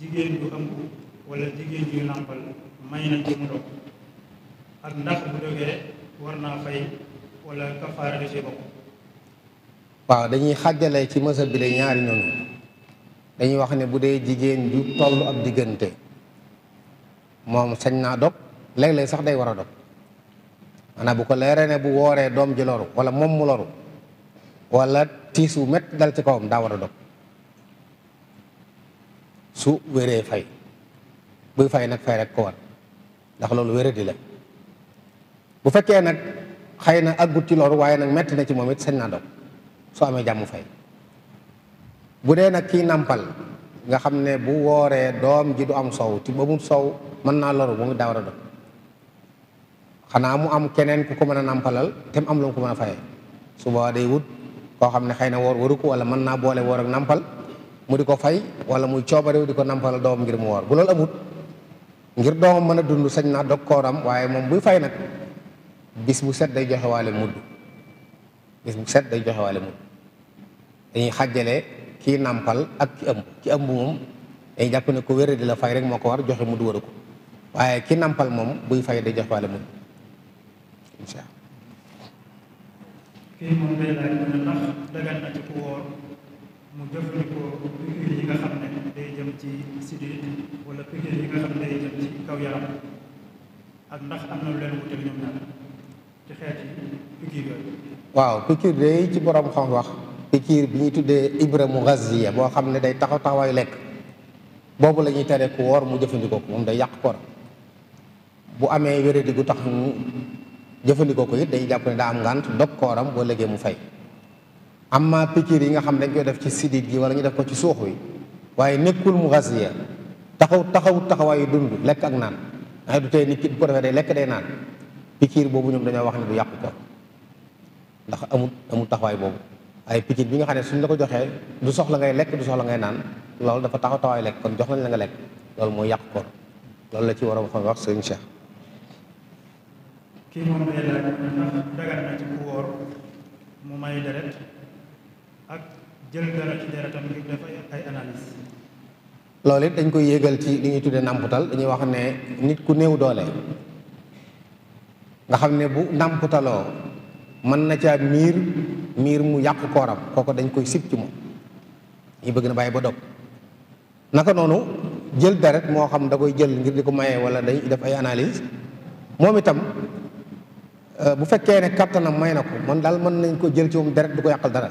jigéen ju ëmb wala jigéen ju nàmpal may nañ ci mu dog ak ndax bu dogee war naa fay wala kafaara da bokk waaw dañuy xàjjale ci mësa bi la ñaari noonu dañuy wax ne bu dee jigéen ju toll ak diggante moom sañ naa dog léeg-léeg sax day war a dog maanaam bu ko leeree ne bu wooree doom ji loru wala moom mu loru wala tiis wu métti dal ci kawam daa war a dog su wéree fay buy fay nag fay rek ko war ndax loolu wéradi la bu fekkee nag xëy na àggut ci loru waaye nag metti na ci moom it sañ naa dog su amee jàmm fay bu dee nag kii nàmpal nga xam ne bu wooree doom ji du am sow ci ba mu sow mën naa loru bu mu daawar a dog xanaa mu am keneen ku ko mën a nàmpalal te mu am lu mu ko mën a fayee su ba day wut koo xam ne xëy na woor waru ko wala mën naa boole woor ak nàmpal mu di ko fay wala muy coobarew di ko nampalal doomam ngir mu woor bu loolu amut ngir doomam mën a dund sañ naa dokkooram waaye moom buy fay nag bis bu set day joxe waale mudd bis bu set dañuy xàjjale kii nàmpal ak ki ëmb ki ëmb moom dañuy jàpp ne ko wéré di la fay rek moo ko war joxe mudd waru ko waaye ki nàmpal moom buy fay day joxe waale mudd mu jëfandikoo piqûre yi nga xam ne day jëm ci sidit wala piqûre yi nga xam ne day jëm ci kaw yaram ak ndax am na lu leen wute ñoom ñaar ci xeet yi piqûre yooyu waaw piqûre day ci borom xam wax piqûre bi ñuy tuddee ibra mu gaziya boo xam ne day taxaw taxawaay lekk boobu lañuy ñuy tere ku woor mu jëfandikoo ko moom day yàq koor bu amee wéradi gu tax mu jëfandikoo ko it day jàpp ne daa am ngànt dog kooram boo légee mu fay amma pikir yi nga xam dañ koy def ci siddiit gi wala ñu def ko ci suux yi waaye nekkul mu xasiya taxaw taxaw taxawaayu dund lekk ak naan ay du tey nit ki bu ko defee day lekk day naan pikir boobu ñoom dañoo wax ni du yàqu ko ndax amul amul taxawaay boobu ay pikir bi nga xam ne suñ la ko joxee du soxla ngay lekk du soxla ngay naan loolu dafa taxaw taxawaay lekk kon jox nañ la nga lekk loolu mooy yàq ko loolu la ci waroon xam wax sëriñ Cheikh. kii moom day laaj ndax dagan na ci ku wóor mu may deret ak jël dara ci deretam ngir def ay loolu dañ koy yégal ci li ngay tuddee nàmputal dañuy wax ne nit ku néew doole nga xam ne bu nàmputaloo mën na caa miir miir mu yàq kooram kooko dañ koy sib ci moom ñu bëgg na bàyyi ba dog naka noonu jël deret moo xam da koy jël ngir di ko maye wala day def ay analyse moom itam euh, bu fekkee ne kattanam may na ko man daal mën nañ ko jël ci moom deret du ko yàqal dara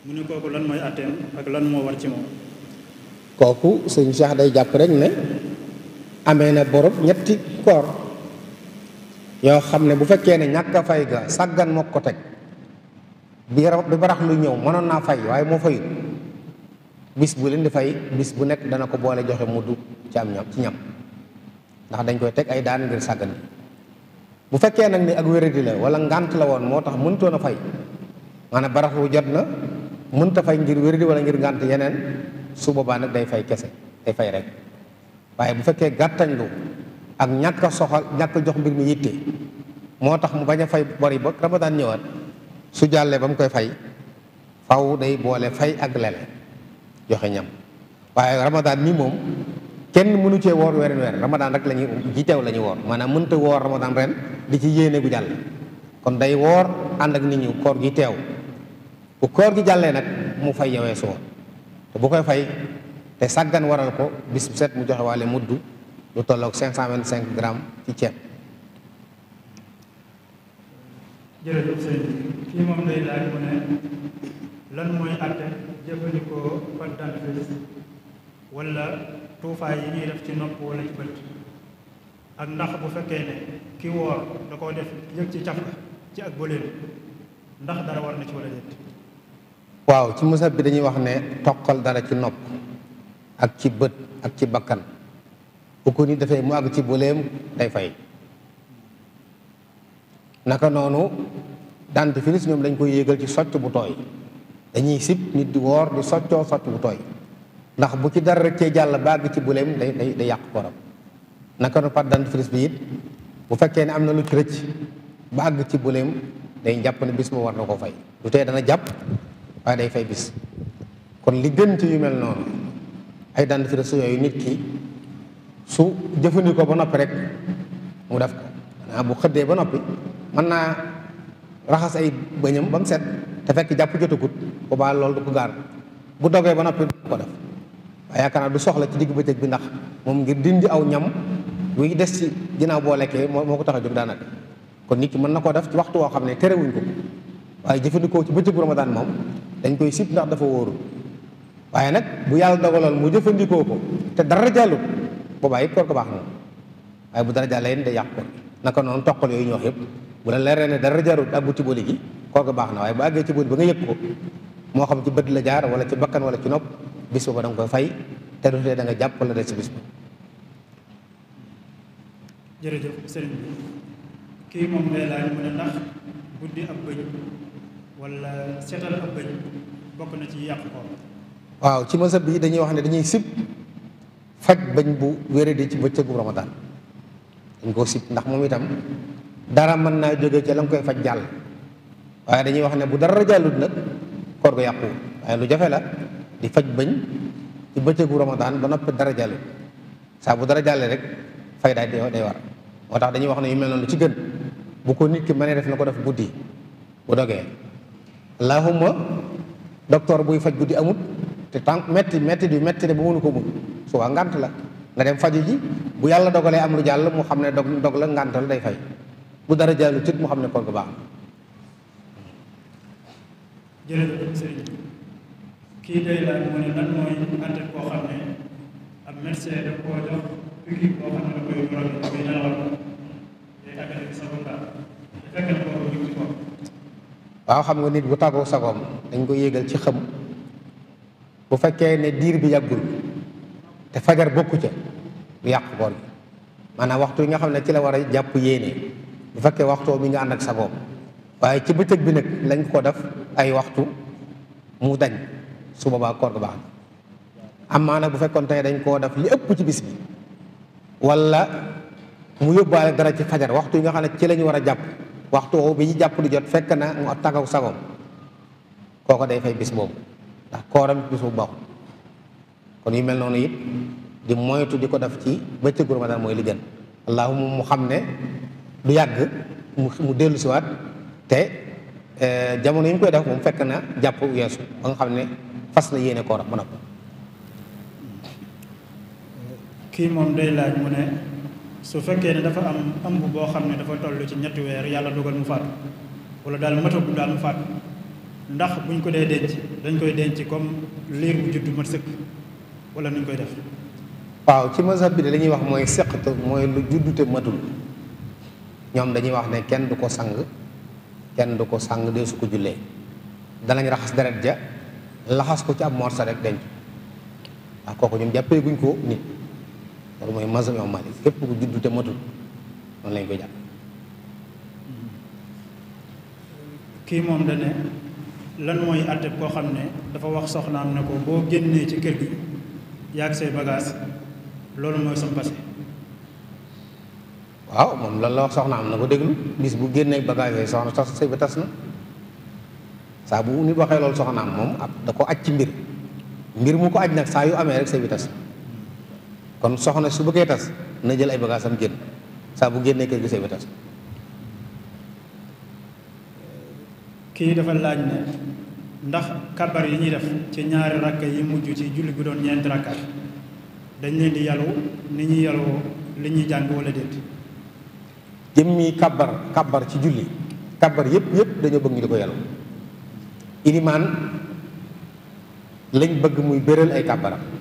mu ne kooku lan mooy atteem ak lan moo war ci moom. kooku sëñ Cheikh day jàpp rek ne amee na borom ñetti koor yoo xam ne bu fekkee ne ñàkk fay ga sàggan mook ko teg bi bi barax lu ñëw mënoon naa fay waaye moo fayut bis bu leen di fay bis bu nekk dana ko boole joxe mu du ci am ñam ci ñam ndax dañ koy teg ay daan ngir sàggan bu fekkee nag ni ak wéradi la wala ngànt la woon moo tax mëntoon a fay maanaam baraxu jot na mënta fay ngir wér di wala ngir ngànt yeneen su boobaa nag day fay kese day fay rek waaye bu fekkee gàttañlu ak ñàkk a soxal ñàkk jox mbir mi yitte moo tax mu bañ a fay bori ba ramadaan ñëwaat su jàllee ba mu koy fay faw day boole fay ak lele joxe ñam waaye ramadaan mi moom kenn mënu cee woor weerin weer ramadaan rek la ñuy ji teew la ñuy woor maanaam mënta woor ramadaan ren di ci yéene gu jàll kon day woor ànd ak nit ñi koor gi teew bu koor gi jàllee nag mu fay yawee su te bu koy fay te sàggan waral ko bis bu set mu joxe waale mudd lu tolloog cinq cent vingt cinq gramme ci ceeb jërëjëf sëñ kii moom day laaj mu ne lan mooy àtte jëfandikoo pâte dentifrice wala tuufaay yi ñuy def ci nopp wala ci bët ak ndax bu fekkee ne ki woor da koo def yëg ci caf ci ak bëleem ndax dara war na ci wala déet waaw ci musab bi dañuy wax ne toqal dara ci nopp ak ci bët ak ci bakkan bu ko ni dafay mu àgg ci buleem day fay naka noonu dentifrice ñoom dañ koy yéegal ci socc bu tooy dañuy sib nit di woor di soccoo socc bu tooy ndax bu ci dara rek cee jàll bàgg ci buleem day day day yàq koram naka noonu pat dentifrice bi it bu fekkee ne am na lu ci rëcc ba àgg ci buleem day jàpp ne bis mu war na ko fay lu tee dana jàpp waaye day fay bis kon li gën ci yu mel noonu ay identification yooyu nit ki su jëfandikoo ba noppi rek mu def ko maanaam bu xëddee ba noppi mën naa raxas ay bëñam ba mu set te fekk jàpp jotagut bu baax loolu du ko gaar bu dogee ba noppi du ko def waaye yaakaar naa du soxla ci digg bëccëg bi ndax moom ngir dindi aw ñam buy des ci ginnaaw boo lekkee moo ko tax a jóg daanaka kon nit ki mën na koo def ci waxtu woo xam ne terewuñ ko waaye jëfandikoo ci bëccëgu Ramadan moom dañ koy sib ndax dafa wóorul waaye nag bu yàlla dogaloon mu jëfandikoo ko te dara jàllut boobaa yëpp koor ko baax na waaye bu dara jàllee yéen day yàq ko naka noonu toqal yooyu ñoox yëpp bu la leeree ne dara jarut àggu ci booli gi koor ko baax na waaye bu àggee ci booli ba nga yëg ko moo xam ci bët la jaar wala ci bakkan wala ci nopp bis booba da koy fay te du tee da nga jàpp la des ci bis ba. jërëjëf kii moom lay laaj mu ne ndax guddi ab bëñ wala seetal ab bëñ bokk ci yàq waaw ci mazhab bii dañuy wax ne dañuy sib faj bañ bu wéradi ci bëccëgu ramadan dañ koo sib ndax moom itam dara mën naa jóge ca la koy faj jàll waaye dañuy wax ne bu dara jàllut nag koor ga yàqu waaye lu jafe la di faj bëñ ci bëccëgu ramadan ba noppi dara jàllut saa bu dara jàllee rek fay daay day war moo tax dañuy wax ne yu mel noonu ci gën bu ko nit ki mënee def na ko def guddi bu dogee allahumma docteur buy faj di amut te tant metti metti di metti de ba mënu ko muñ suba ngant la nga dem faju ji bu yàlla dogalee am lu jàll mu xam ne dog dog la ngàntal day fay bu dara jàllu tit mu xam ne koor gu baax waaw xam nga nit bu tàggoo sagoom dañ koy yéegal ci xam bu fekkee ne diir bi yàggul te fajar bokku ca bu yàq koor maanaam waxtu yi nga xam ne ci la war a jàpp yéene bu fekkee waxtoo mi nga ànd ak sagoom waaye ci bëccëg bi nag lañ ko def ay waxtu mu dañ su boobaa koor gu baax na am maanaam bu fekkoon tey dañ koo def li ëpp ci bis bi wala mu yóbbaale dara ci fajar waxtu yi nga xam ne ci lañu war a jàpp waxtu woowu bi ñu jàpp di jot fekk na mu tàggaw sagoom kooko day fay bis boobu ndax kooram bis bu baaxul kon yu mel noonu it di moytu di ko def ci bëccëgu Ramadan mooy li gën allahuma mu xam ne lu yàgg mu dellu siwaat te e, jamono yi mu koy def moom fekk na jàpp weesu ba nga xam ne fas na yéene kooram mën a ko kii moom day laaj mu ne su fekkee ne dafa am ëmb boo xam ne dafa toll ci ñetti weer yàlla dugal mu faatu wala daal matagul daal mu faatu ndax buñ ko dee denc dañ koy denc comme liir bu juddu mat sëkk wala nuñ koy def waaw ci mazhab bi de li wax mooy seqatu mooy lu te matul ñoom dañuy wax ne kenn du ko sang kenn du ko sang dee su ko jullee danañ raxas deret ja laxas ko ci ab morsa rek denc waaw kooku ñoom jàppee guñ ko nit loolu mooy mazhab Imam Malik képp ku juddu te matul noonu lañ koy jàpp. kii moom la ne lan mooy àtte koo xam ne dafa wax soxnaan na ko boo génnee ci kër gi yàgg say bagage loolu mooy sam passé. waaw moom lan la wax soxnaam na ko déglu bis bu génnee bagage yooyu soxna tas sëy tas na saa bu nit waxee loolu soxnaam moom ak da ko aj ci mbir mbir mu ko aj nag saa yu amee rek sëy bi tas kon soxna su bëggee tas na jël ay bagages am génn saa bu génnee kër gi sëy ba tas. kii dafa laaj ne ndax kabar yi ñuy def ci ñaari rakk yi mujj ci julli bi doon ñeenti rakkaat dañ leen di yàllu ni ñuy yàllu li ñuy jàng walla déet. jëmmi kabar kabar ci julli kabar yëpp yëpp dañoo bëgg ñu di ko yàllu ilimaan lañ bëgg muy bëral ay kabaram.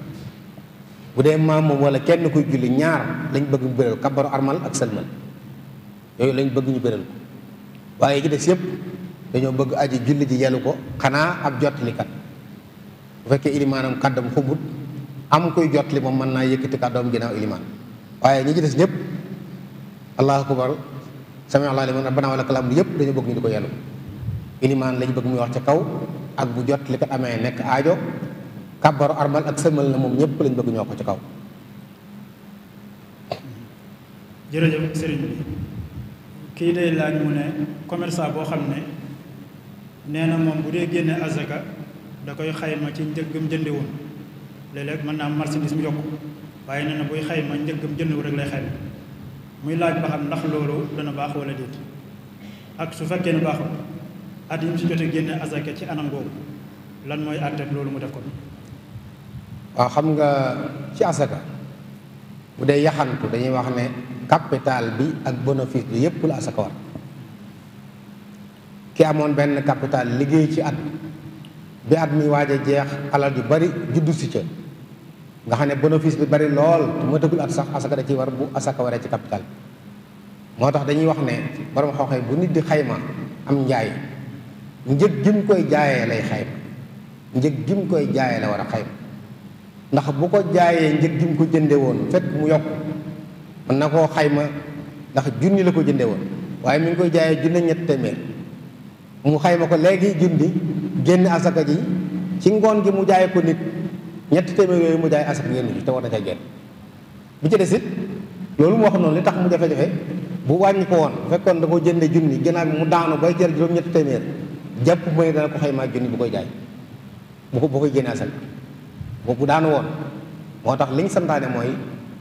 bu dee maam moom wala kenn kuy julli ñaar lañ bëgg ñu bëral kabaru armal ak salmal yooyu lañ bëgg ñu bëral ko waaye ci des yépp dañoo bëgg aji julli ji yelu ko xanaa ab jottalikat bu fekkee ilimaanam kàddam xubut am kuy jottali moom mën naa yëkkati kàddoom ginnaaw ilimaan waaye ñi ci des ñëpp allahu akbar sami allah liman rabbana wala kalam yëpp dañoo bëgg ñu di ko yelu ilimaan lañ bëgg muy wax ca kaw ak bu jottalikat amee nekk aajo kàbbaru armal ak sëlmal na moom ñëpp lañ bëgg ñoo ko ci kaw. jërëjëf sëriñ bi kii day laaj mu ne commerçant boo xam ne nee na moom bu dee génne azaka da koy xayma ci njëggam jënde woon léeg-léeg mën naa am marchandise mu yokk waaye nee na buy xayma njëggam jënd wu rek lay xayma muy laaj ba xam ndax loolu dana baax wala déet ak su fekkee ne baaxul at yi mu si jotee génne azaka ci anam googu lan mooy àtteeg loolu mu def ko. xam nga ci asaka bu day yahantu dañuy wax ne capital bi ak bénéfice bi yépp la asaka war ki amone benn capital liggéey ci at bi at mi waaj jeex alal bari juddu si ca nga xam bénéfice bi bari lol, ma tëggul at sax asaka da ci war bu asaka waree ci capital bi moo tax dañuy wax ne borom xooxee bu nit di xayma am njaay njëg gim koy jaayee lay xayma njëg gim koy jaayee la war xayma ndax bu ko jaayee njëg gi mu ko jënde woon fekk mu yokk mën na koo xayma ndax junni la ko jënde woon waaye mi ngi koy jaayee junne ñett téeméer mu xayma ko léegi junni génn asaka ji ci ngoon gi mu jaay ko nit ñetti téeméer yooyu mu jaay asaka génn ji te war na ca génn bi ci des it loolu mu wax noonu li tax mu jafe-jafe bu wàññi ko woon fekkoon da ko jënde junni ginnaaw bi mu daanu bay jar juróom ñetti téeméer jàpp mooy dana ko xaymaa junni bu koy jaay bu ko bu koy génne asaka boobu daanu woon moo tax liñ santaane mooy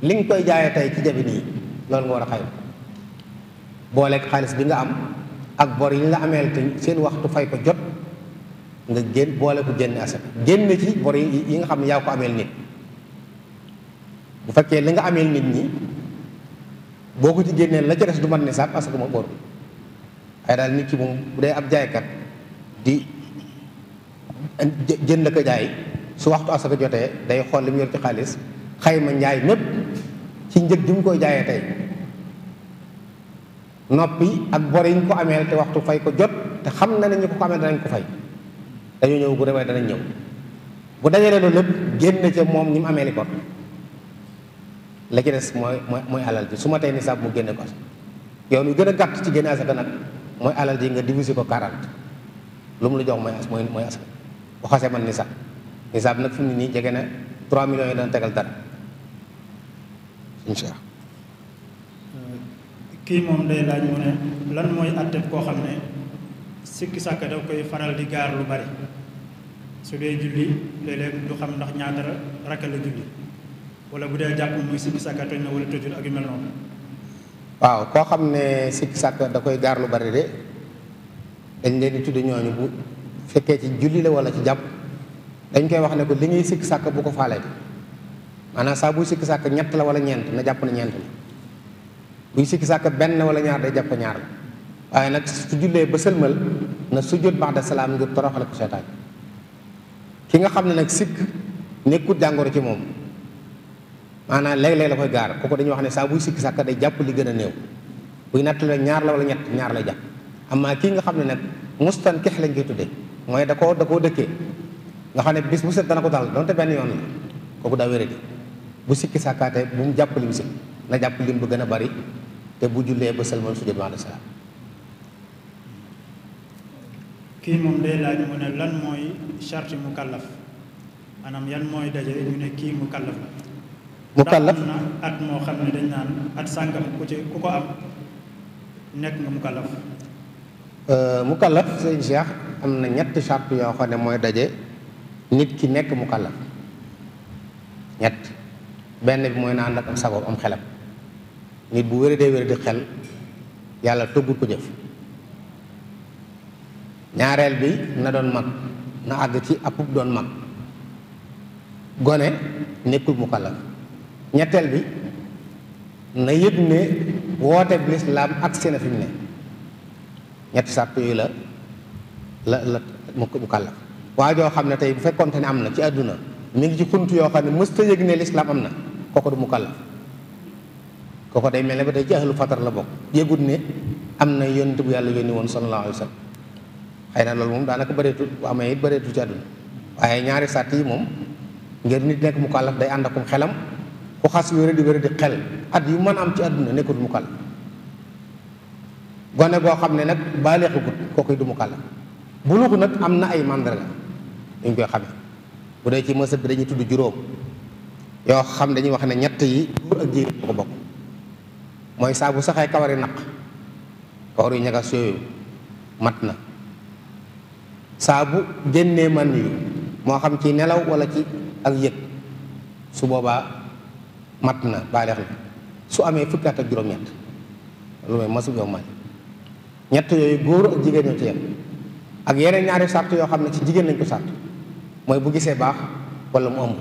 li nga koy jaayee tey ci jabi yi loolu nga war a xayma booleeg xaalis bi nga am ak bor yi nga ameel te seen waxtu fay ko jot nga génn boole ko génne asaka génn ci bor yi nga xam ne yaa ko ameel nit bu fekkee li nga ameel nit ñi boo ko ci génnee la ci des du man ne saab asaka moom boru ay daal nit ci moom bu dee ab jaaykat di la ko jaay su waxtu asaka jotee day xool li mu yor ci xaalis xayma njaay mépp ci njëg gi mu koy jaayee tey noppi ak bor yi ñu ko ameel te waxtu fay ko jot te xam na ne ñu ko ko amee danañ ko fay dañoo ñëw bu rewee danañ ñëw bu dajalee loolu lépp génn ca moom ñi mu amee li bor la ci des mooy mooy mooy alal ji su ma tey nisaab mu génne ko yow lu gën a gàtt ci génne asaka nag mooy alal ji nga diviser ko 40 lu mu la jox mooy mooy asaka bu xasee man nisaab nisaab nag fi mu ne na 3 millions yi C'est tegal dara incha euh, kii moom day laaj mu ne lan mooy àtteb koo xam ne sikki daf koy faral di gaar lu bari su dee julli du xam ndax ñaata rakka la julli wala bu dee jàpp sikki toj na wala tojul ak yu mel noonu waaw sikki da koy gaar lu bari de dañ leen dañ koy wax ne ko li ñuy sikk sàkk bu ko faale maanaam saa buy sikk sàkk ñett la wala ñeent na jàpp ne ñeent la buy sikk sàkk benn la ñaar day jàpp ñaar la waaye nag su jullee ba sëlmal na sujjóot ba'da salaam ngir toroxale ko seetaan ki nga xam ne nag sikk nekkut jàngoro ci moom maanaam léeg-léeg la koy gaar kooku dañuy wax ne saa buy sikk sàkk jàpp li gën a néew buy nattale ñaar la wala ñett ñaar lay jàpp amaa kii nga xam ne nag mustan kex lañ koy tuddee mooy da koo da koo dëkkee nga xam ne bu set dana ko dal donte benn yoon la kooku daa wéradi bu sikki sàkkaate bu mu jàpp lim si na jàpp lim bu gën a bari te bu jullee ba sëlmal sujjóot ba'da salaam kii moom day laaj mu ne lan mooy charte mu kàllaf anam yan mooy daje ñu ne kii mu kàllaf la mu kàllaf na at am mu kàllaf euh, mu kàllaf sëñ na ñetti charte yoo xam ne mooy daje nit ki nekk mu kàllaf ñett benn bi mooy naan ak am sagoom am xelam nit bu wéradee wéradi xel yàlla tëggul ko jëf ñaareel bi na doon mag na àgg ci ab doon mag gone nekkul mu kàllaf ñetteel bi na yëg ne woote bi lislaam ak seen ne ñetti sàpp yi la la la mu mu kàllaf waa joo xam ne tey bu fekkoonte ne am na ci àdduna mi ngi ci xunt yoo xam ne mësta yëg ne lislaam am na kooku du mu kàlla kooku day mel ne ba tey ci fatar la bokk yëgut ne am na yonent bu yàlla yónni woon sallallahu alayhi wa xëy na loolu moom daanaka bëreetul bu amee it bëreetul waaye ñaari sàtt yi moom ngir nit nekk mu kàllaf day ànd akum xelam ku xas wéra di wéra di xel at yu mën am ci àdduna nekkul mu gone goo xam ne nag baaleexagut kooku du mu kàllaf buluux nag am na ay mandarga dañ koy xamee bu dee ci mësëb bi dañuy tudd juróom yoo xam dañuy wax ne ñett yi góor ak jigéen ko bokk mooy naq kawar yu mat na saa bu génnee xam ci nelaw wala ci ak yëg su boobaa mat na baaleex na amee fukki at ak juróom-ñett loolu mooy góor ak jigéen ñoo ci yem ak yeneen ñaari sàrt yoo xam ne ci jigéen lañ ko sàrt mooy bu gisee baax walla mu ëmb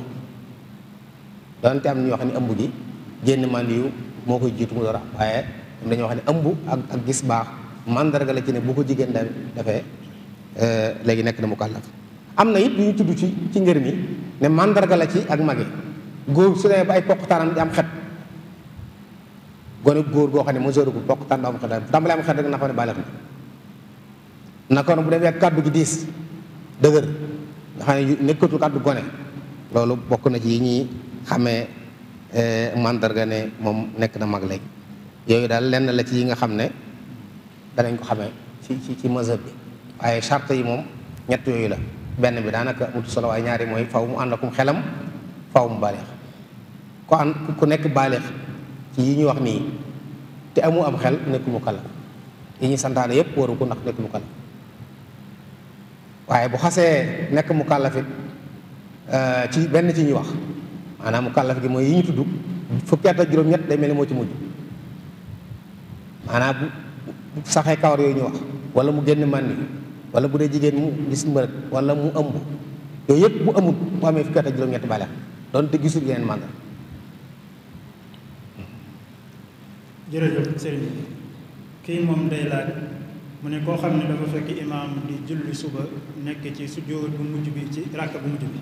donte am na ñoo xam ne ëmb gi génn màndiyu moo koy jiitu mu dara waaye am dañoo xam ne ëmb ak ak gis baax mandarga la ci ne bu ko jigéen da dafee euh, léegi nekk na mu kàllaf am na it yu tudd ci ci ngër mi ne mandarga la ci ak mage góor su dee ba ay poqtaanam di am xet gone góor goo xam ne mesure gu ko ba am xet tàmbale am xet rek na xam ne bàyyi na kon bu demee kàddu gi diis dëgër nga xam ne nekkatul kàddu gone loolu bokk na ci yi ñuy xamee eh, mandarga ne moom nekk na mag léegi yooyu daal lenn la ci yi nga xam ne danañ ko xamee ci ci ci mazhab bi waaye charte yi moom ñett yooyu la benn bi daanaka mutu solo waaye ñaari mooy faw mu ànd akum xelam faw mu baalix ku ànd ku nekk baalix ci yi ñu wax nii te amu am xel nekk mu kala yi ñu santaane yépp waru ndax nekk mu kala waaye bu xasee nekk mu kàllafit euh, ci benn ci ñuy wax maanaam mu kàllaf gi mooy yi ñu tudd fukki at ak juróom-ñett day mel ni moo ci mujj maanaam bu saxee kawar yooyu ñu wax wala mu génn mànni wala bu dee jigéen mu gis mbërëg wala mu ëmb yooyu yëpp bu amul bu amee fukki at ak juróom-ñett baleex doon te gisul yeneen màndar kii moom day laaj mu ne koo xam ne dafa fekk imaam di julli suba nekk ci sujjóot bu mujj bi ci ràkk bu mujj bi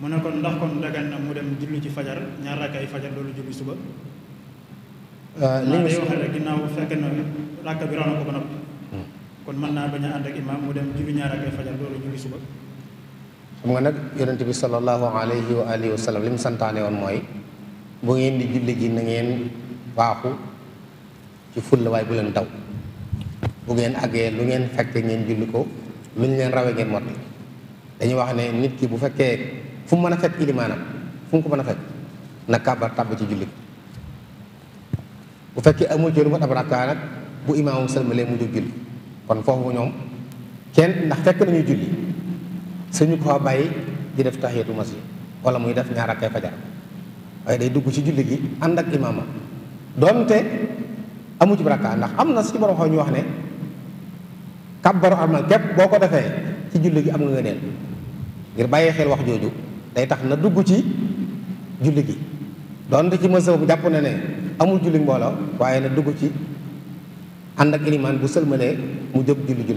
mu ne ndax kon dagan na mu dem julli ci fajar ñaar ràkk ay fajar loolu julli suba ah, li ñu wax rek ginnaaw fekk na ràkk bi raw na ko ba noppi hmm. kon mën naa bañ a ànd ak imaam mu dem julli ñaar ay fajar loolu julli suba xam nga nag yonent bi sallallahu alayhi wa alihi wa sallam li mu santaane woon bu ngeen di julli ji na ngeen waaxu ci fulla waaye bu leen daw bu ngeen àggee lu ngeen fekke ngeen julli ko lu ñu leen rawee ngeen motti dañuy wax ne nit ki bu fekkee fu mu mën a fekk ilimaanam fu mu ko mën a fekk na kàbbar tàbb ci julli bu fekkee amul ci lu mat bu imaamam sëlmalee mu jóg julli kon foofu ñoom kenn ndax fekk nañu julli suñu ko bàyyi di def taxiyatu masjid wala muy def ñaar rakkay fajar waaye day dugg ci julli gi ànd ak imaamam donte amu ci rakkaa ndax am na si borom xaw ñu wax ne kàbbaru amal kep boko defé ci julli gi am nga neel ngir baye xel wax joju day tax na dugg ci julli gi don ci mësa bu japp na ne amul julli mbolo waye na dugg ci and ak iman bu mané mu jóg julli ju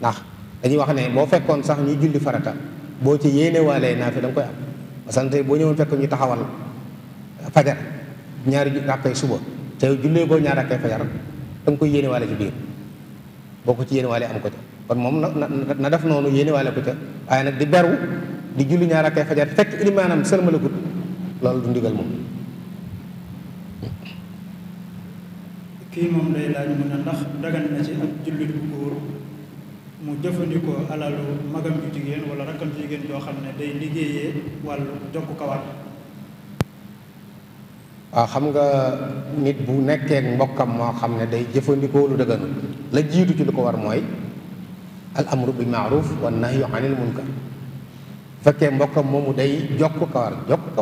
ndax dañuy wax né bo fekkon sax ñi julli farata bo ci walé na fi dang koy am fekk ñu taxawal fajar ñaari rakkay suba te julle bo ñaar fajar dang koy koy walé ci biir boo ko ci yéene waale am ko ca kon moom na na def noonu yéene waale ko ca nag di beru di julli ñaar ak ay fajar fekk ilimaanam sëlmalakut loolu du ndigal moom kii moom lay laaj mu ne ndax dagan na ci ab jullit bu góor mu jëfandikoo alalu magam ju jigéen wala rakkam ju jigéen joo xam ne day liggéeyee wàllu jokk kawar waaw ah, xam nga nit bu nekkee mbokkam moo xam ne day jëfandikoo lu dëgënu la jiitu ci lu ko war mooy al amru bil maaruf wa nahyu anil munkar fekkee mbokkam moomu day jokk kawar jokk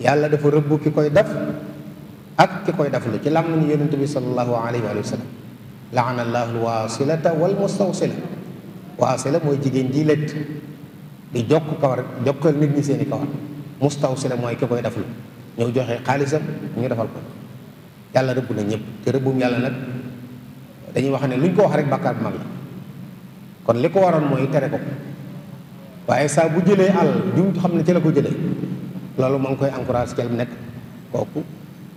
yàlla dafa rëbb ki koy def ak ki def lu ci lam ni yonent bi sallallahu alayhi wa sallam laana allahu waasilata mooy jigéen ji lett di jokk kawar jokkal nit ñi seeni kawar mustawsila mooy ki koy def lu ñëw joxe xaalisam ñu defal ko yàlla rëbb na ñëpp te rëbbum yàlla nag dañuy wax ne luñ ko wax rek bàkkaar bu mag la kon li ko waroon mooy tere ko waaye saa bu jëlee àll jum xam ne ci la ko jële loolu ma ngi koy encourage ci nekk kooku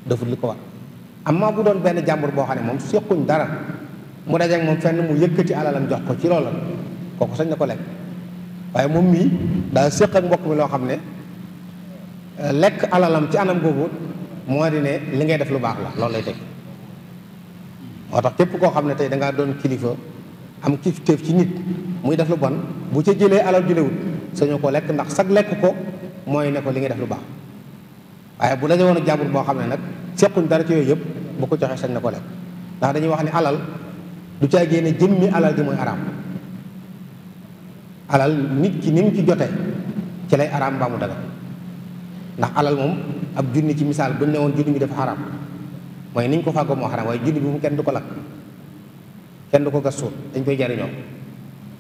defut li ko war amma bu doon benn jàmbur boo xam ne moom sequñ dara mu dajeeg moom fenn mu yëkkati alalam jox ko ci loola kooku sañ na ko lekk waaye moom mii daa séq mbokk mi loo xam ne lekk alalam ci anam googu moo di ne li ngay def lu baax la loolu lay teg moo tax képp koo xam ne tey dangaa doon kilifa am kilifteef ci nit muy def lu bon bu ca jëlee alal julewut sañu ko lekk ndax sag lekk ko mooy ne ko li ngay def lu baax waaye bu daje woon ak jàmbur boo xam ne nag sequñ dara ci yooyu yëpp bu ko joxee sañ na ko lekk ndax dañuy wax ne alal du caa génne jëmmi alal di mooy araam alal nit ki ni mu ci jotee ci lay araam mbaa mu daga ndax alal moom ab junni ci misaal bu ñu ne woon junni bi dafa xaraam mooy niñ ko fàggoo moo xaraam waaye junni bi mu kenn du ko lakk kenn du ko gas suul dañ koy jariñoo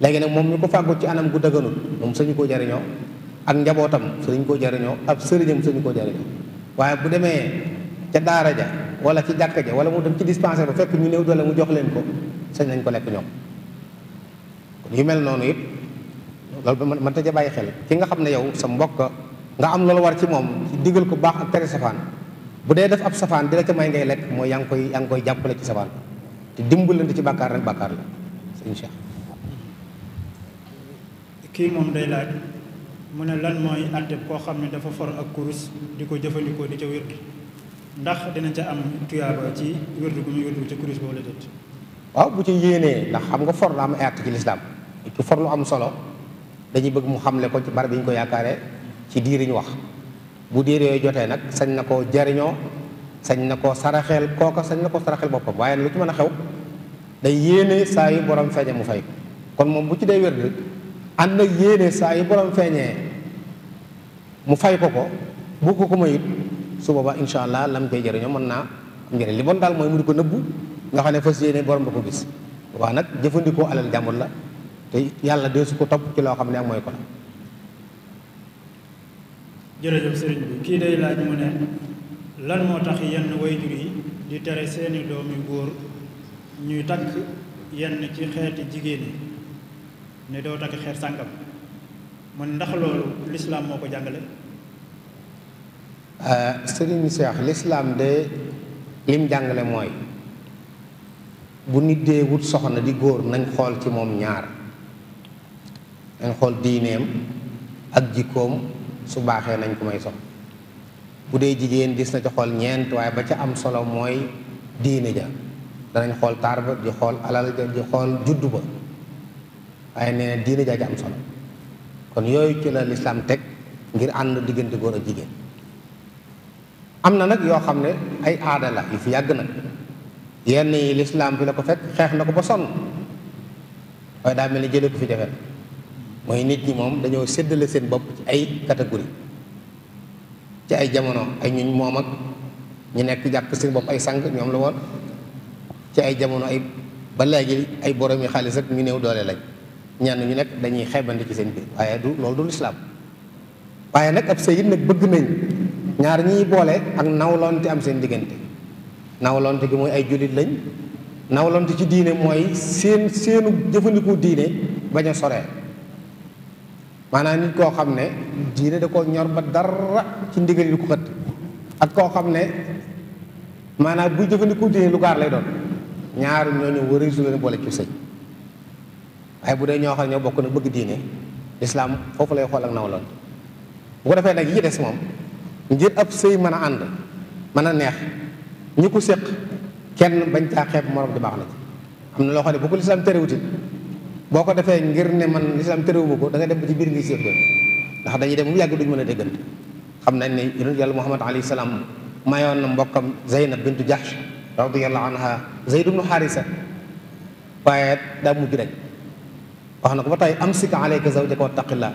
léegi nag moom ñu ko fàggoo ci anam gu daganul moom sañu koo jariñoo ak njabootam sañu koo jariñoo ab sëriñam sañu koo jariñoo waaye bu demee ca daara ja wala ci jàkka ja wala moo dem ci dispensaire ba fekk ñu néew doole mu jox leen ko sañ nañ ko lekk ñoom kon yu mel noonu it loolu man ta ca bàyyi xel ki nga xam ne yow sa mbokk nga am lolu war ci mom digel ko bax ak tere safaan bu dee def ab safan di la ca may ngay lek mooy yang koy yang koy jappale ci safan te dimbalante ci bakkar rek bakkar la sëñ Cheikh ki mom day laaj mu ne lan mooy àtte koo xam ne dafa for ak kurus di ko jëfandikoo di ca wérdu ndax dina ca am tuyaaba ci wérdu gu muy wérdu ca kurus boobu la jot waaw bu ci yéenee ndax xam nga for la am ayat ci l'islam ci for lu am solo dañuy bëgg mu xamle ko ci bar biñ ko yaakaaree ci diir ñu wax bu diir yooyu jotee nag sañ na koo jariñoo sañ na koo saraxeel kooka sañ na ko saraxeel boppam waaye lu ci mën a xew day yéene saa yu borom feeñe mu fay kon moom bu ci day wér ànd ak yéene saa borom feeñee mu fay ko ko bu ko ko mayut su boobaa incha allah lam koy jëriñoo mën naa am njëriñ li bon daal mooy mu di ko nëbbu nga xam ne fas yéene borom ba ko gis waaw nag jëfandikoo alal jàmbur la te yàlla dee su ko topp ci loo xam ne ak mooy ko la jërëjëf sëriñ bi kii day laaj mu ne lan moo tax yenn wayjur yi di tere seeni doom yu góor ñuy takk yenn ci xeeti jigéen yi ne doo takk xeet sàngam mën ndax loolu lislaam moo ko jàngale euh, sëriñ seex lislaam de lim jàngale mooy bu nit dee wut soxna di góor nañ xool ci moom ñaar nañ xool diineem ak jikkoom su baaxee nañ ko may soxna bu dee jigéen gis na ci xool ñeent waaye ba ca am solo mooy diine ja danañ xool taar ba di xool alal ja di xool juddu ba waaye nee na diine ja ca am solo kon yooyu ci la lislaam teg ngir ànd diggante góor ak jigéen am na nag yoo xam ne ay aada la yu fi yàgg nag yenn yi lislaam fi la ko fekk xeex na ko ba sonn waaye daa mel ni jële ko fi jafe mooy nit ñi moom dañoo séddale seen bopp ci ay catégorie ci ay jamono ay ñuñ moom ak ñu nekk jàpp seen bopp ay sang ñoom la woon ci ay jamono ay ba léegi ay borom yi xaalis ak ñu new doole lañ ñenn ñu nekk dañuy xeebandi ci seen biir waaye du loolu du lislaam waaye nag ab sëyit nag bëgg nañ ñaar ñiy boole ak nawlonte am seen diggante nawlonte gi mooy ay jullit lañ nawlonte ci diine mooy seen seenu jëfandikoo diine bañ a soree maanaam nit koo xam ne diine da koo ñor ba dara ci ndigal yi ko xët ak koo xam ne maanaam buy jëfandikoo diine lugaar lay doon ñaar ñooñu war a su leen boole ci sëñ waaye bu dee ñoo xam ne ñoo bokk na bëgg diine lislaam foofu lay xool ak nawloon bu ko defee nag yi des moom ngir ab sëy mën a ànd mën a neex ñi ko séq kenn bañ caa xeeb morom di baax na ci am na loo xam ne bu ko lislaam terewutit boo ko defee ngir ne man lislaam tërëwuma ko da nga dem ba ci biir ngi séddoo ndax dañuy dem mu yàgg duñ mën a déggante xam nañ ne yonent yàlla muhammad alayhi salaam mayoon na mbokkam zeynab bintu jahsh radiyallahu anha zeyd ibnu xaarisa waaye daa mujj rek wax na ko ba tey am sika alayka zawjaka wattaqillah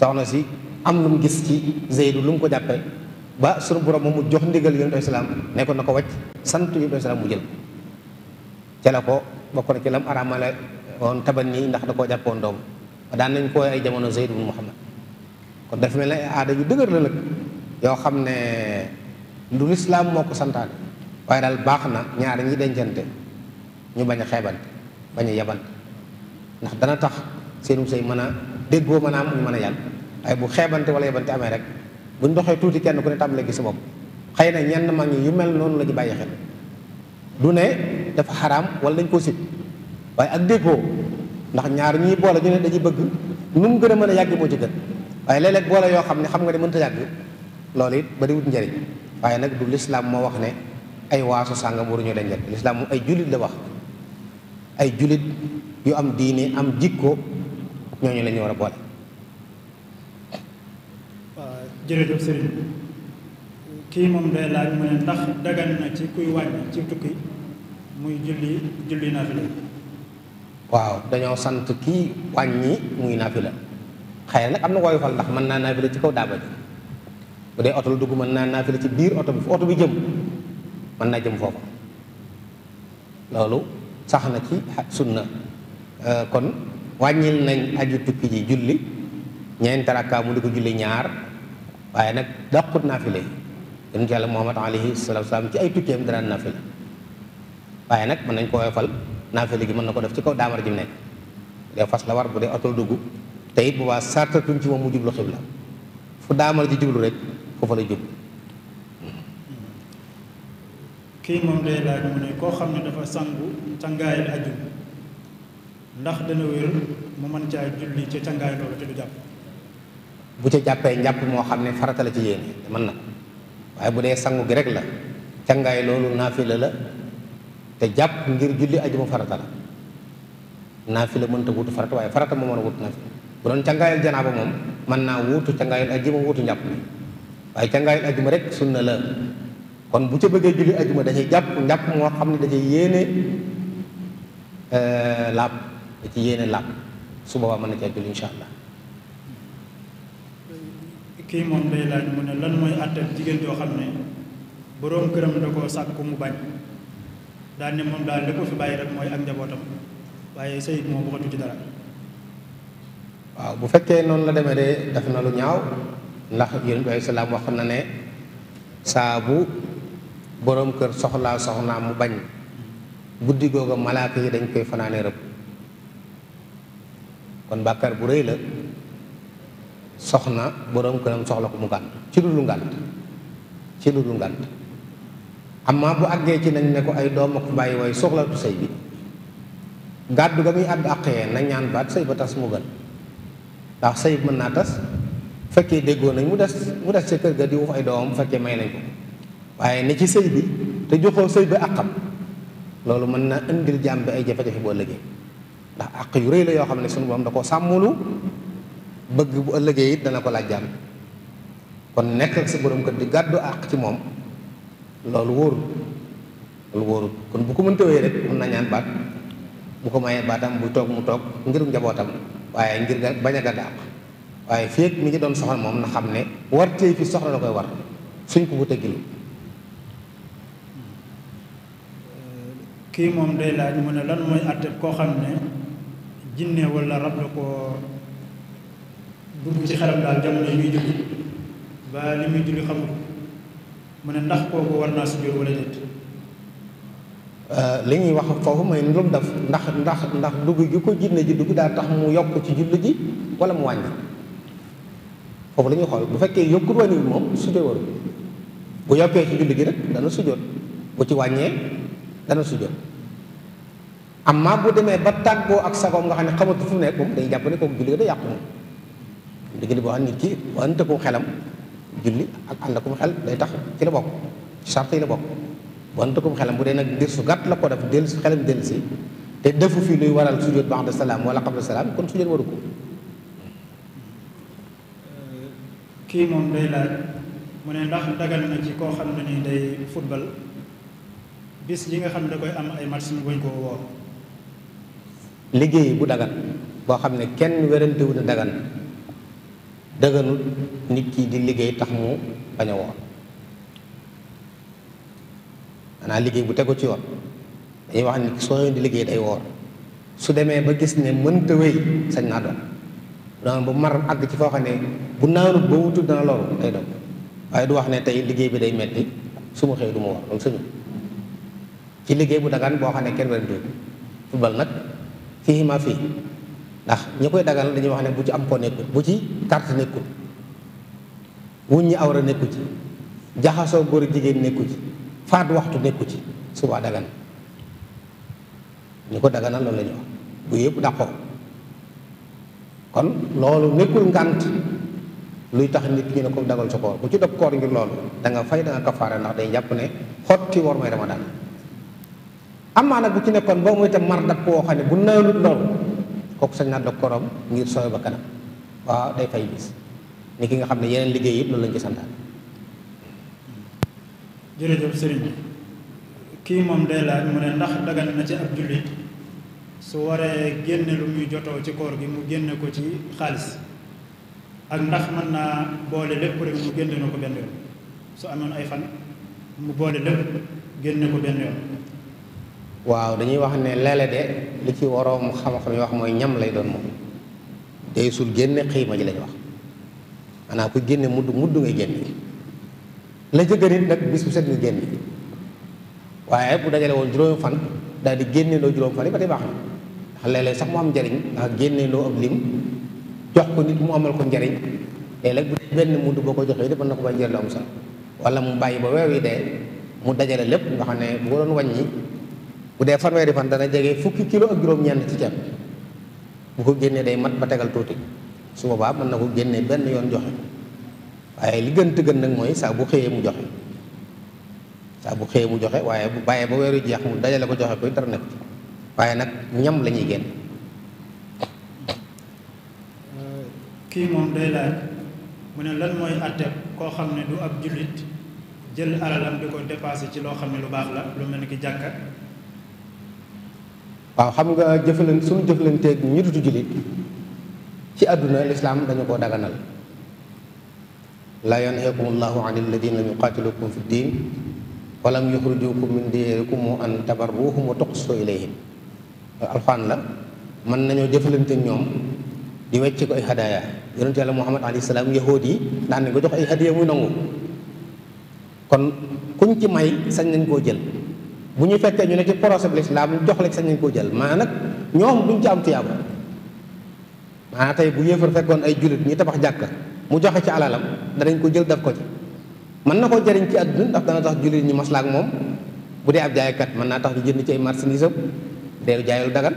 soxna si am lu mu gis ci zeydu lu mu ko jàppe ba sunu borom moom mu jox ndigal yonent islaam salaam ko na ko wàcc sant yonent islaam mu jël ko la ko bokk na ci lam woon taban nii ndax da koo jàppoon doom daan nañ koy ay jamono Zayd ibn Muhammad kon dafa mel ne aada yu dëgër la nag yoo xam ne du lislaam moo ko santaane waaye daal baax na ñaar ñi dencante ñu bañ a xeebante bañ a yebante ndax dana tax seenu sëy mën a déggoo ma naa am mën a yàlla ay bu xeebante wala yebante amee rek buñ doxee tuuti kenn ku ne tàmbalee gis sa bopp xëy na ñenn mag ñi yu mel noonu la ñu bàyyi xel du ne dafa xaraam wala dañ koo sit waaye ak déggoo ndax ñaar ñii boole ñu ne dañuy bëgg nu mu gën a mën a yàgg moo ci waaye léeg boole yoo xam ne xam nga ne mënta yàgg loolu it ba di wut njëriñ waaye nag du lislaam moo wax ne ay waaso sàngam waruñu leen njëriñ lislaam moom ay jullit la wax ay jullit yu am diine am jikko ñooñu lañuy ñu war a boole. waaw jërëjëf sëriñ kii moom day laaj mu ne ndax dagan na ci kuy wàññi ci tukki muy julli julli naa fi waaw dañoo sant ki wàññi muy naafila xëy na nag am na ko woyofal ndax mën naa naafila ci kaw daaba ji bu dee oto lu dugg mën naa naafila ci biir oto bi fu oto bi jëm mën naa jëm foofu loolu sax ci sunna euh, kon wàññil nañ aji tukki ji julli ñeenti rakkaa mu di ko julli ñaar waaye nag dàqut naafila yi yàlla Muhammad alayhi salaatu wasalaam ci ay tukkeem yang naafila waaye nag mën nañ koy fal naafila gi mën na ko def ci kaw daamar ji mu nekk bu fas la war bu dee oto dugg te it boobaa sartatuñ ci moom mu jublu xibla fu daamar ji jublu rek foofa lay jublu. kii moom day laaj mu ne koo xam ne dafa sangu càngaayal aju ndax dana wér mu mën caa julli ca càngaay loolu te du jàpp. bu ca jàppee njàpp moo xam ne farata la ci yéene mën na waaye bu dee sangu gi rek la càngaay loolu naafila la. te jàpp ngir julli ajuma farata la naafila mënta wuutu farata waaye farata moo mën a wuutu naafila bu doon cangaayal janaaba moom mën naa wuutu cangaayal ajuma wuutu njàpp waaye cangaayal ajuma rek sunna la kon bu ca bëggee julli ajuma da jàpp njàpp moo xam ne da ci euh, yéene laab su boobaa mën na caa julli insha allah kii moom day laaj mu ne lan mooy àttal jigéen joo xam ne boroom këram da sàkk mu bañ daal ne moom daal li ko fi bàyyi rek mooy ak njabootam waaye sayid moom bëggatu ci dara. waaw bu fekkee noonu la demee de def na lu ñaaw ndax yonent bi alayhi salaam wax na ne saabu boroom kër soxlaa soxnaa mu bañ guddi googa malaaka yi dañ koy fanaane rëbb kon bàkkaar bu rëy la soxna boroom këram soxla ko mu ngànt ci lu lu ngànt ci lu lu ngànt amma bu agge ci nañ ne ko ay doom ak bàyyi way tu sey bi gaddu ga muy akhe na ñaan baat sey ba tas mu gal ndax sey mën na tas fekkee deggo nañ mu dess mu dess ci kër ga di wuf ay doom fekkee may nañ ko waye ni ci sey bi te joxo sey bi akam lolu mën na andil jambe ay bu ëllëgee ndax yu reey la yo xam sunu mom da ko samulu bëgg bu ëllëgee it dana ko la jamm kon nek ak sa borom ko di gaddu ak ci mom loolu wóorul loolu kon bu ko mën tëwee rek mën na ñaan baat bu ko maye baatam bu tok mu tok ngir njabootam waye ngir baña ga daq waye fek mi ngi doon soxal mom na xamné war tey fi soxla la koy war suñ ko ko tëggilu ki mom day laaj mu ne lan moy atté ko xamné jinné wala walla rab la ko dugg ci xaram dal jamono ñuy jëg ba limuy julli xamul mune ne ndax kooku war naa sujjóot eh, wala déet li ñuy wax fofu mooy lu def ndax ndax ndax dugg gi ko jinné ji dugg da tax mu yok ci julli ji wala mu wàññi fofu la ñuy xool bu fekkee yokkut wàññi moom sujjóot waru bu yokkee ci julli gi rek da dana sujjóot bu ci wañé wàññee dana sujjóot amma bu démé ba taggo ak sagoom nga xamné xamatu fu nekk mom day jàpp ne kooku julli gi day yàqu digi bo an nit ki wante ko xelam julli ak ànd akum xel day tax ci la bokk ci sart yi la bokk bu ànd akum xelam bu dee nag diir su la ko def dellu si xelam dellu si te defu fi luy waral sujjóot ba'da salaam wala qabla salaam kon sujjóot waru ko. kii moom day laaj mu ne ndax dagal na ci koo xam ne ni day football bis yi nga xam ne da koy am ay match bu ñu koo woor liggéey bu dagan boo xam ne kenn wérantewu na dagan dëgënut nit ki di liggéey tax mu bañ a woor maanaam liggéey bu tegu ci yoon dañuy wax ni soo yoon di liggéey day woor su demee ba gis ne mënta wéy sañ naa doon doon bu mar àgg ci foo xam ne bu naanut ba wutul dana loolu day doon waaye du wax ne tey liggéey bi day metti su ma xëy du ma woor loolu sañu ci liggéey bu dagan boo xam ne kenn ren du football nag fii ma fii ndax ñi dagal dañuy wax ne bu ci am ko nekkul bu ci carte nekkul wuñ ñi awra nekku ci jaxaso goor jigéen nekku ci faat waxtu nekku ci suba dagal ñi ko daganal loolu la wax bu yépp dako kon loolu nekkul ngant luy tax nit ñi ne ko dagal ci koor bu ci dog koor ngir loolu da nga fay da nga kafara ndax day japp ne xoti war may dama dal amana bu ci nekkon bo muy tam mar dab woo xam bu neul loolu Kok sañ na dok korom ngir soyo ba kanam wa day fay bis ni ki nga xamne yeneen liggey yeb loolu lañ ci jere jop serign kii mom day laaj mu ne ndax dagan na ci ab su waré genn lu muy joto ci koor gi mu genn ko ci khalis ak ndax man na boole lepp rek mu genn na ko benn yoon su amone ay fan mu boole lepp genn ko benn yoon waaw dañuy wax ne lele de li ci waroom xam-xam yi wax mooy ñam lay doon moom day sul génne xiima ji lañ wax xanaa ku génne mudd mudd ngay génne la jëgga nit nag bis bu set nga génne waaye bu dajale woon juróom fan daal di génne loo juróom fan yi ba tey baax na ndax léeg sax mu am njariñ ndax génne loo ab lim jox ko nit mu amal ko njariñ léeg-léeg bu benn mudd boo ko joxee def na ko bañ njariñ lu am sax mu bàyyi ba weer wi dee mu dajale lépp nga xam ne bu bu dee fanweeri fan dana jege fukki kilo ak juróom-ñeent ci ceeb bu ko génnee day mat ba tegal tuuti su boobaa mën na ko génnee benn yoon joxe waaye li gën te gën nag mooy saa bu xëyee mu joxe saa bu xëyee mu joxe waaye bu bàyyee ba weeru jeex mu dajale ko joxe koy dara nekk waaye nag ñam la ñuy génn. Euh, kii moom day laaj mu ne lan mooy àtteeb koo xam ne du ab julit jël alalam di ko dépassé ci loo xam ne lu baax la lu mel ni ki jàkka. waaw xam nga jëfalan suñu jëfalanteeg ñi dutu jullit ci àdduna lislaam dañu koo daganal la yanhaakum allahu an alladina lam yuqaatilukum fi ddin wa lam yuxrijukum min diyarikum an tabarruhum wa alxaan la mën nañoo jëfalante ñoom di wecc ko ay hadaaya yonente yàlla muhammad alayhi salaam yahood yi daan nañ ko jox ay hadiya muy nangu kon kuñ ci may sañ nañ koo jël bu ñu fekkee ñu ne ci procès bu lislaam jox mana? sañ nañ koo jël ma nak ñom buñ ci am tiyaaba ma tay bu yeufur fekkon ay julit ñi tabax jàkka mu joxe ci alalam danañ ko jël daf ko ci man nako ko jariñ ci àdduna ndax dana tax julit ñi maslaa ak moom bu di ab kat man na tax ñu jënd ci ay marchandise deeru jaayul dagan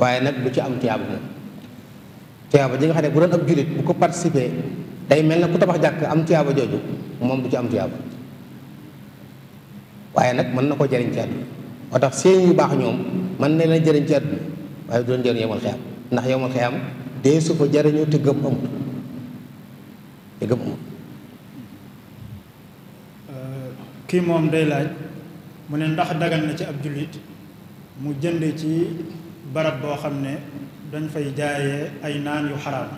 waye nak du ci am ji nga xane bu doon ab julit bu ko participer day melni ku tabax am joju mom du ci am waye nak man nako ko ci àdduna motax seen yu bax ñom man na la jëriñ ci àdduna waye du leen jëriñ xiyam ndax yomal xiyam de su ko jëriñoo te gëm am te gëm amul ki mom day laaj mu ne ndax dagal na ci abdulit mu jënd ci barab bo xamne ne dañ fay jaayé ay naan yu haram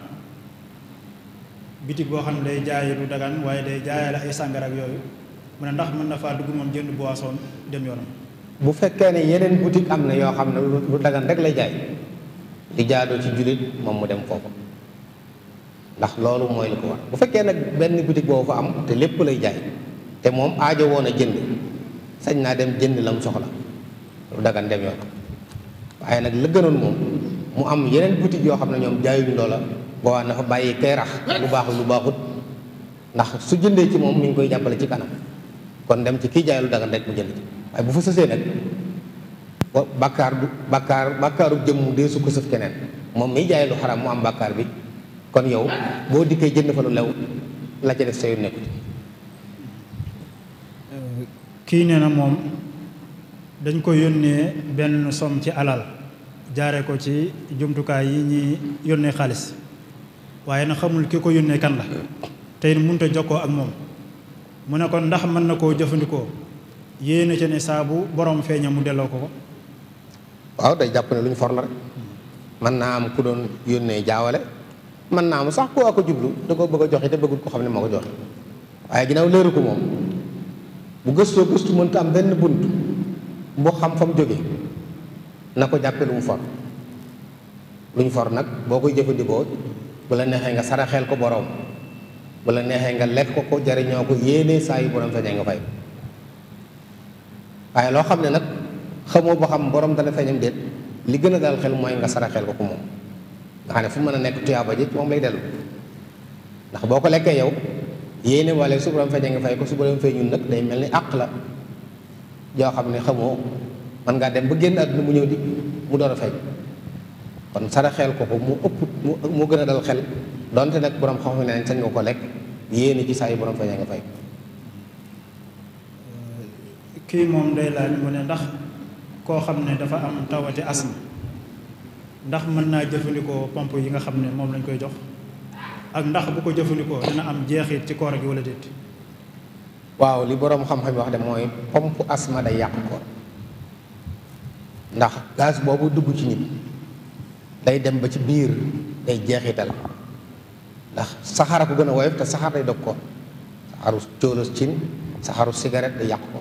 bitik bo xamne day jaayé lu dagan waye day jaayé la ay sàngara ak yoyu mu ne ndax mën na faa dugg moom jënd boisson dem yoonam. bu fekkee ne yeneen boutique am na yoo xam ne lu dagan rek lay jaay li jaadoo ci jullit moom mu dem foofu ndax loolu mooy li ko war bu fekkee nag benn butik boo fa am te lépp lay jaay te moom aajo woon a jënd sañ naa dem jënd la mu soxla lu dagan dem yoonam waaye nag la gënoon moom mu am yeneen boutique yoo xam ne ñoom jaayuñ loola boobaa na fa bàyyi kay rax lu baaxul lu baaxut ndax su jëndee ci moom mi ngi koy jàppale ci kanam. kon dem ci kii jaay lu dagan rek mu jënd ci waaye bu fa sësee nag bàkkaar du bàkkaar bàkkaaru jëmm dee su ko sëf keneen moom miy jaay lu xaraam mu am bàkkaar bi kon yow boo dikkee jënd fa lu lew la ca def sa yoon nekkut kii nee na moom dañ ko yónnee benn somm ci alal jaare ko ci jumtukaay yi ñuy yónnee xaalis waaye na xamul ki ko yónnee kan la tey mënut a jokkoo ak moom mu ne ko ndax mën na koo jëfandikoo yéene ca ne saa bu borom feeña mu delloo ko ko waaw day jàpp ne lu ñu for la rek mën naa am ku doon yónnee jaawale mën naa am sax ku waa ko jublu da ko bëgg a joxe te bëggul ko xam ne moo ko joxe waaye ginnaaw léeru ko moom bu gëstoo gëstu mënta am benn bunt bu xam fa mu jóge na ko jàppe lu mu for lu ñu for nag boo koy jëfandikoo bu la neexee nga saraxeel ko boroom bu neexee nga lekk ko ko jariñoo ko yéenee saa yu borom feeñee nga fay waaye loo xam ne nag xamoo boo xam boroom dana feeñam déet li gën a daal xel mooy nga saraxel ko ko moom nga xam mën a nekk tuyaaba ji moom lay dellu ndax boo ko lekkee yow yéene wala su borom feeñee nga fay ko su borom feeñul nag day mel ni àq la joo xam ne xamoo mën ngaa dem ba génn àdduna mu ñëw di mu door a feeñ kon ko ko mu ëpp mu gën a dal xel donte nag boroom xaw xam ne sañ nga ko lekk. yéene ci saa yu borom fay nga fay. Euh, kii moom day laaj mu ne ndax koo xam ne dafa am tawati asma ndax mën naa jëfandikoo pompe yi nga xam ne moom lañ koy jox ak ndax bu ko jëfandikoo dina am jeexit ci koor gi walla déet. waaw li boroom xam-xam wax de mooy pompe asma day yàq koor ndax gaz boobu dugg ci nit day dem ba ci biir day jeexital. ndax saxaara ko gën a woyof te saxaar day dog ko saxaaru cóolos cin saxaaru cigarette day yàq ko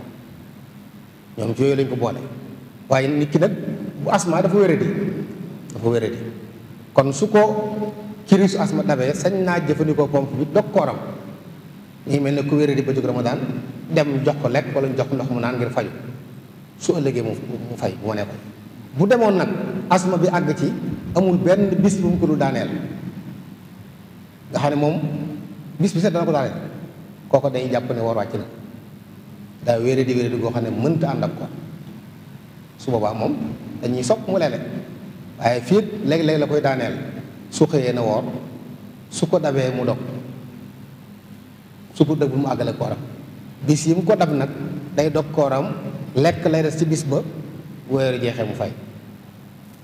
ñoom ci yooyu lañ ko boole waaye nit ki nag bu asma dafa wéradi dafa wéradi kon su ko kirisu asma dabee sañ naa jëfandikoo pompe bi dog kooram ñuy mel ne ku wéradi ba jóg ramadaan dem jox ko lekk wala jox ndox mu naan ngir faju su ëllëgee mu mu fay bu ma ne bu demoon nag asma bi àgg ci amul benn bis bu ko du daaneel nga xam ne moom bis bi set dana ko daaneel kooko day jàpp ne woor wàcc na daa wéere di wéere goo xam ne mënta ànd ak ko su boobaa moom dañuy sopp mu leele waaye fii léeg-léeg la koy daaneel su xëyee na woor su ko dabee mu dog su ko dëgg mu àggale kooram bis yi mu ko dab nag day dog kooram lekk lay des ci bis ba wéeru jeexee mu fay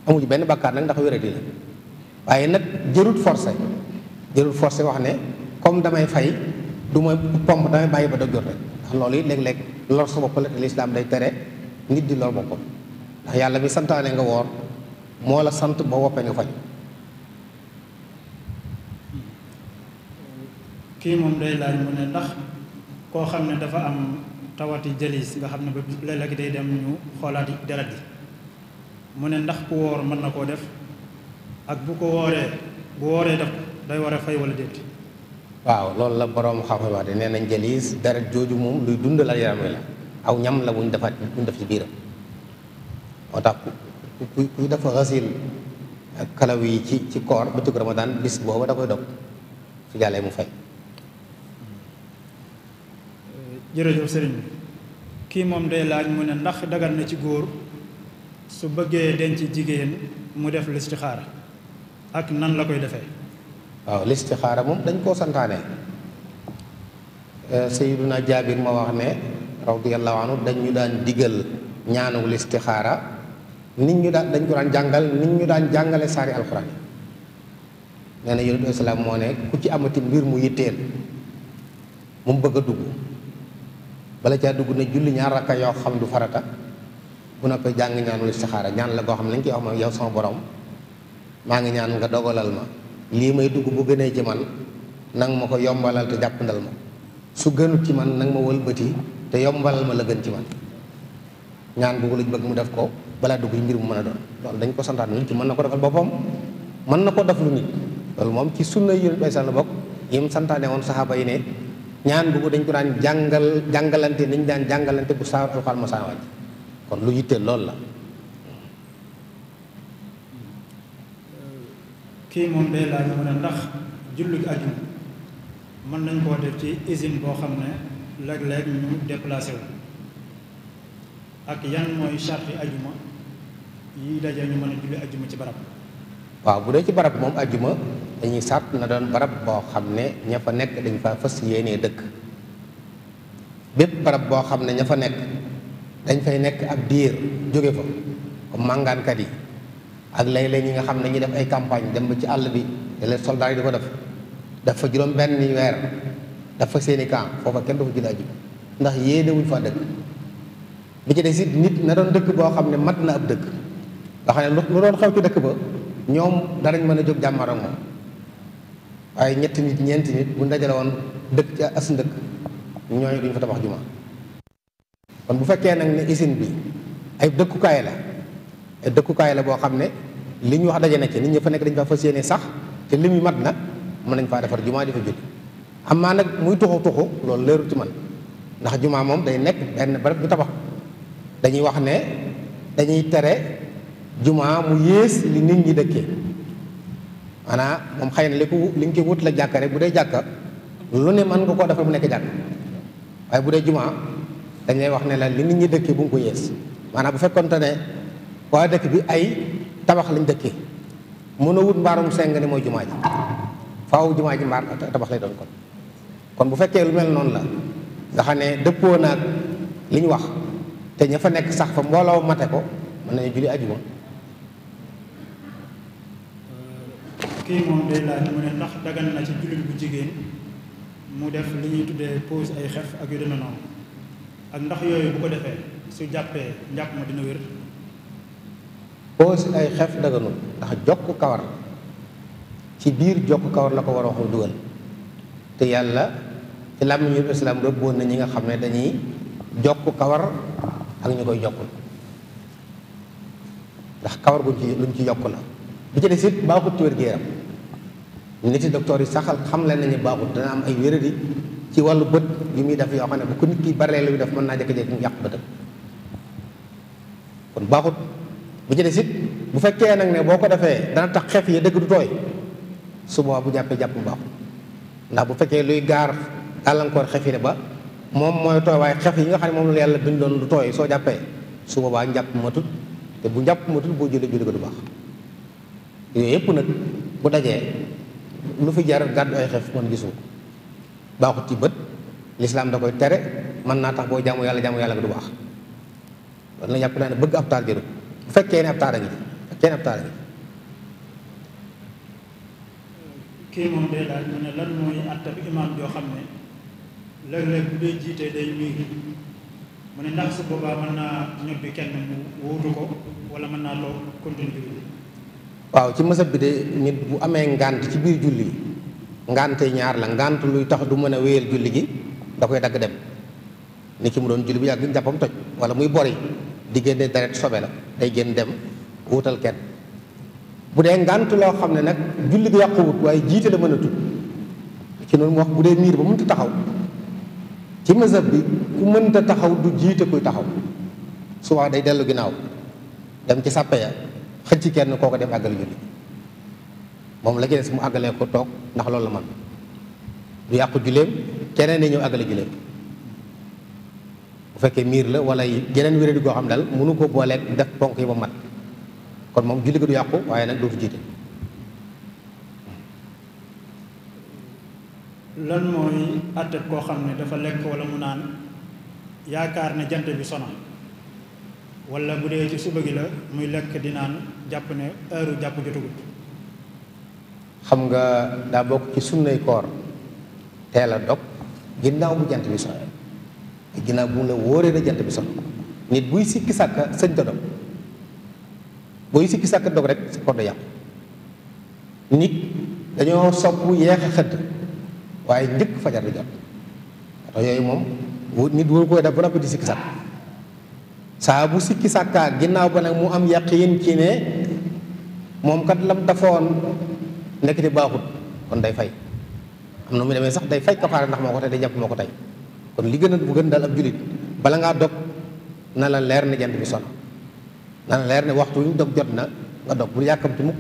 amu ci benn bakkaar nag ndax wéerati la waaye nag jërut forcé jërul forcé wax ne comme damay fay du ma pomp damay bàyyi ba dog jot rek ndax loolu it léeg-léeg lor sa bopp la te lislaam day tere nit di lor boppam ndax yàlla bi santaane nga woor moo la sant ba woppee nga fay kii moom day laaj mu ne ndax koo xam ne dafa am tawati jalis nga xam ne ba léeg-léeg day dem ñu xoolaat deret yi mu ne ndax ku woor mën na koo def ak bu ko wooree bu wooree def day war a fay wala déet. waaw loolu la borom xam-xam wax de nee nañ jëliis dara jooju moom luy dundalal yaram wi la aw ñam la wuñ defaat wuñ def ci biiram moo tax ku ku dafa xasil kalaw yi ci ci koor bëccëg Ramadan bis booba da koy dog su jàllee mu fay. jërëjëf sëriñ bi kii moom day laaj mu ne ndax dagal na ci góor su bëggee denc jigéen mu def listixaar ak nan la koy defee. waaw listixaara moom dañ koo santaane eh, Sayyiduna Jaabir ma wax ne radiyallahu anhu dañ ñu daan digal ñaanu listixaara nit ñu daan dañ ko daan jàngal nit ñu daan jàngale saari alxuraan nee na yonent islam moo ne ku ci amati mbir mu yitteel mu bëgg a dugg bala caa dugg na julli ñaar rakka yoo xam du farata bu na ko jàng ñaanu listixaara ñaan la koo xam ne lañ koy wax ma yow sama borom maa ngi ñaan nga dogalal ma lii may dugg bu gënee ci man nang ma ko yombalal te jàppandal ma su gënut ci man nang ma wëlbati te yombalal ma la gën ci man ñaan boobu lañ bëgg mu def ko balaa dugg yi mbir mu mën a doon loolu dañ ko santaat nit ci mën na ko defal boppam mën na ko def lu nit loolu moom ci sunna yi bay sàll bokk yim santaane woon saxaaba yi ne ñaan boobu dañ ko daan jàngal jàngalante niñ daan jàngalante bu saar alxuraan ma saawaj kon lu yitteel loolu la kii moom day laaj mu ne ndax julli ajuma mën nañ koo def ci usine boo xam ne léeg-léeg ñu déplacé wu ak yan mooy charti ajuma yi daje ñu mën a julli ajuma ci barab waaw bu dee ci barab moom ajuma dañuy sàpp na doon barab boo xam ne ña fa nekk dañ fa fas yéenee dëkk bépp barab boo xam ne ña nekk dañ fay nekk ak diir jóge fa comme màngaankat yi ak léeg-léeg ñi nga xam ne ñu def ay campagne dem ba ci àll bi te leen soldats yi di ko def def fa juróom benn weer def fa seeni camp foofa kenn du fa julli ndax yéene wuñ fa dëkk bi ci des it nit na doon dëkk boo xam ne mat na ab dëkk nga xam ne doon xew dëkk ba ñoom danañ mën a jóg jàmmar ak waaye ñetti nit ñeenti nit bu dajale woon dëkk ci as ndëkk ñooñu duñ fa tabax juma kon bu fekkee nag ne usine bi ay dëkkukaay la dëkkukaay la boo xam ne li ñu wax daje na ci nit ñu fa nekk dañ faa fas yéene sax te lim yi mat na mën nañ faa defar jumaa di fa julli am naa nag muy tuxu tuxu loolu leeru man ndax jumaa moom day nekk benn barab ñu tabax dañuy wax ne dañuy tere jumaa mu yées li nit ñi dëkkee maanaam moom xëy na li li nga koy wut la jàkka bu dee jàkka lu ne mën nga koo defar bu nekk jàkka waaye bu dee jumaa dañ lay wax ne la li nit ñi dëkkee bu nga ko yées maanaam bu fekkonte ne waaye dëkk bi ay tabax lañ dëkkee mën wut mbaarum seng ne mooy jumaa ji faaw jumaa ji mbaar tabax lay doon kon kon bu fekkee lu mel noonu la nga xam ne dëppoo naag li ñu wax te ña fa nekk sax fa mbooloo mate ko mën nañu julli ajuma kii moom day laaj mu ne ndax dagan na ci jullit bu jigéen mu def li ñuy tuddee pose ay xef ak yu deme noonu ak ndax yooyu bu ko defee su jàppee njàpp ma dina wér aussi ay xef daganul ndax jokk kawar ci biir jokk kawar la ko war a waxu dugal te yàlla ci làmmiñu islam rëbboon na ñi nga xam ne dañuy jokk kawar ak ñu koy jokkul ndax kawar guñ ci luñ ci yokk la bi ci des it baaxut ci wér gu nit yi docteur yi saxal xam leen nañu baaxut dana am ay wéradi ci wàllu bët yu muy def yoo xam ne bu ko nit ki baree lu muy def mën naa jékki-jékki mu yàq bëtam kon baaxut bu ci sit bu fekkee nag ne boo ko defee dana tax xef yi dëgg du tooy su bu jàppee jàpp mbaaxu ndax bu fekkee luy gaar àllankoor xef yi ba moom mooy tooy waaye xef yi nga xam ne moom la yàlla bindoon du tooy soo jàppee su boobaa njàpp matut te bu njàpp matut boo julli julli ko du baax yooyu yëpp nag bu dajee lu fi jar gàddu ay xef man gisu baaxut ci bët lislaam da koy tere mën naa tax boo jaamu yàlla jaamu yàlla du baax loolu na jàpp naa ne bëgg ab taar jarut fekkee ne ab ngi ji fekkee ne ab taara ngi ji kii moom day laaj mu ne lan mooy àttab imaam joo xam ne léeg-léeg bu dee jiitee day miir mu ne ndax su boobaa mën naa ñobbi kenn mu wuutu ko wala mën naa toog continue julli waaw ci mësab bi de nit bu amee ngànt ci biir julli ngànte ñaar la ngànt luy tax du mën a wéyal julli gi da koy dagg dem ni ki mu doon julli bu yàgg njàppam toj wala muy bori di génne deret sobe la day génn dem wutal kenn bu dee ngànt loo xam ne nag julli gi yàquwut waaye jiite la mën a tudd ci noonu mu wax bu dee miir ba mënta taxaw ci mazhab bi ku mënta taxaw du jiite kuy taxaw souvent day dellu ginnaaw dem ci sàppe ya xëcc kenn koo ko dem àggal julli moom la ci si mu àggalee ko toog ndax loolu la man du yàqu julleem keneen ne ñëw àggale julleem fekke mir la wala yeneen wéradi go xam dal munu ko bolé def ponk yi ba mat kon mom julli du yakku waye nak do dootu jité lan moy àtte ko xamné dafa lek wala mu nan yaakar ne jant bi sona wala budé ci suba gi la muy lek di nan japp né heure japp jotagut xam nga da bok ci sunnay koor bu jant bi sona ginnaaw bu mu la wóoree na jant bi sox nit buy sikki sàkk sëñ ta dog buy sikki sàkka dog rek sa kodd yàqu nit dañoo sopp yeex xëdd waaye njëkk fajar bi jot tax yooyu moom nit wóor koy def ba noppi di sikki sàkk saa bu sikki sàkkaa ginnaaw ba nag mu am yaqiin ci ne moom kat lam dafoon nekk di baaxut kon day fay am na mu demee sax day fay kafaara ndax moo ko tey day jàpp moo ko tey kon li gëna bu gën dal ab julit bala nga dog na la leer ne jant bi son na la leer ne waxtu ñu dog jot na nga dog bu yàkkamti mukk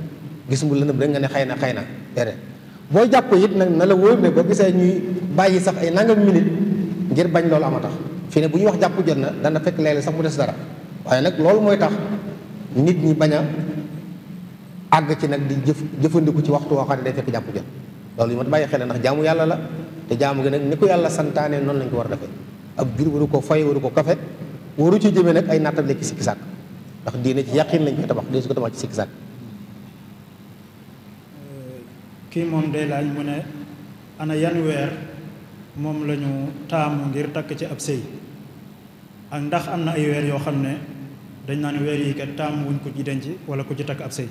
gis mu lëndëm rek nga ne xeyna xeyna xëy na japp boo nak na la woor ne boo gisee ñuy bayyi sax ay nangam minute ngir bañ loolu amata fi ne bu ñu wax japp jot na dana fekk léeg sax mu dess dara waye nak loolu moy tax nit ñi baña ag ci nak di jëf jëfandiku ci waxtu woo xam day fekk japp jot loolu yu ma bayyi xel nak jaamu yalla la te jaamu gi nag ni ko yàlla santaane noonu lañ ko war a defee ab jur waru ko fay waru ko kafe waru ci jëmee nag ay nattable lekk sikki sàkk ndax diine ci yàqin lañ koy tabax dee su ko tabax ci sikki sàkk euh, kii moom day laaj mu ne yan weer moom la taamu ngir takk ci ab sëy ak ndax am na ay weer yoo xam ne dañ naan weer yi kat taamu wuñ ko ci denc wala ko ci takk ab sëy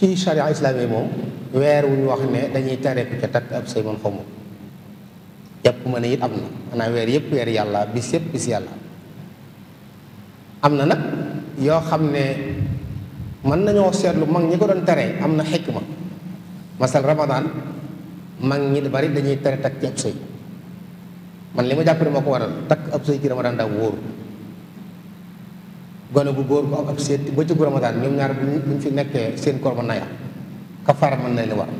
ci charia islami moom weer wu ñu wax ne dañuy tere ku ca takk ab sëy man xaw ma jàpp ma am weer yëpp weer yàlla bis yëpp bis am na nag yoo xam ne mën nañoo seetlu mag ñi ko doon tere am na xikma masal ramadan mag ñi bari dañuy tere takk ci ab sëy man li ma jàpp ne moo ko waral takk ab sëy ci ramadan daa wóoru gone bu góor bu am ab seet ba ci Ramadan ñoom ñaar bu ñu fi nekkee seen koor mën naa yàqu kafaara mën na leen war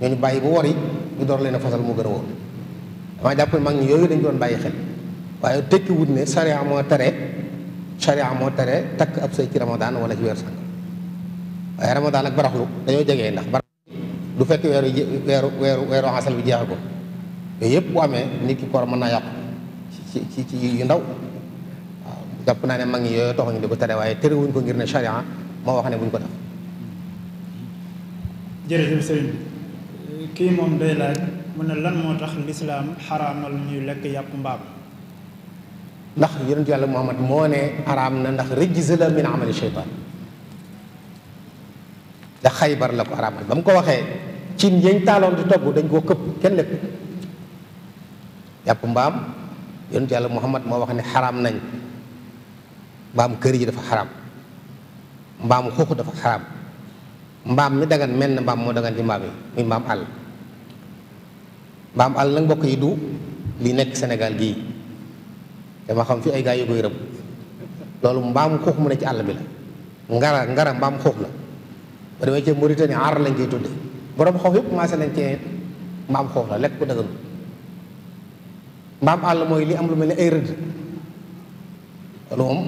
ñooñu bàyyi bu yi ñu door leen a fasal moo gën a wóor damaa jàpp mag ñi yooyu dañ doon bàyyi xel waaye tekki wut ne sariya moo tere sariya moo tere takk ab sëy ci Ramadan wala ci weer sànq waaye Ramadan ak baraxlu dañoo jege ndax baraxlu du fekk weeru weeru weeru weeru asal bi jeexal ko yooyu yëpp bu amee nit ki koor mën naa yàqu ci ci yu ndaw jàpp naa ne mag ñi yooyu taxuñu di ko tere waaye tere terewuñ ko ngir ne charia moo wax ne buñ ko def. jërëjëf sëriñ kii moom day laaj mu ne lan moo tax lislaam xaraamal ñuy lekk yàpp mbaam. ndax yonent yàlla Muhammad moo ne xaraam na ndax rijs la min amali sheytaan da xaybar la ko xaraamal ba mu ko waxee cin yañ taaloon di togg dañ koo këpp kenn lekk yàpp mbaam yonent yàlla Muhammad moo wax ne xaraam nañ. mbaam kër gi dafa xaraam mbaam xuux dafa xaraam mbaam mi dagan mel na mbaam moo dagan ci mbaam yi muy mbaam àll mbaam mbokk yi li nekk Sénégal gii dama xam fi ay gaa yu koy mbaam xuux mu ci àll bi la ngara ngara mbaam xuux la ba demee ci Mauritanie lañ koy tudde borom xoox yëpp nañ cee mbaam xuux la lekk ko mbaam àll mooy li am lu mel ni ay rëdd loolu moom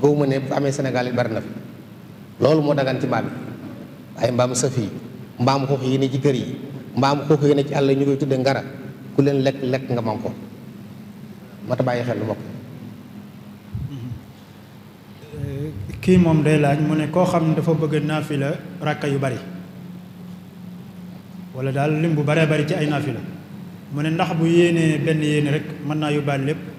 gëw ma ne bu amee Sénégal yi bari na fi loolu moo dagan ci mbaam yi waaye mbaam sëf yi mbaam xuux yi ne ci kër yi mbaam xuux yi ne ci àll ñu koy tudde ngara ku leen lekk lekk nga man ko mata bàyyi xel lu bokk eh, kii moom day laaj mu ne koo xam ne dafa bëgg naafila ràkka yu bari wala daal lim bu baree bari ci ay naafila mu ne ndax bu yéenee benn yéene rek mën naa yóbbaale lépp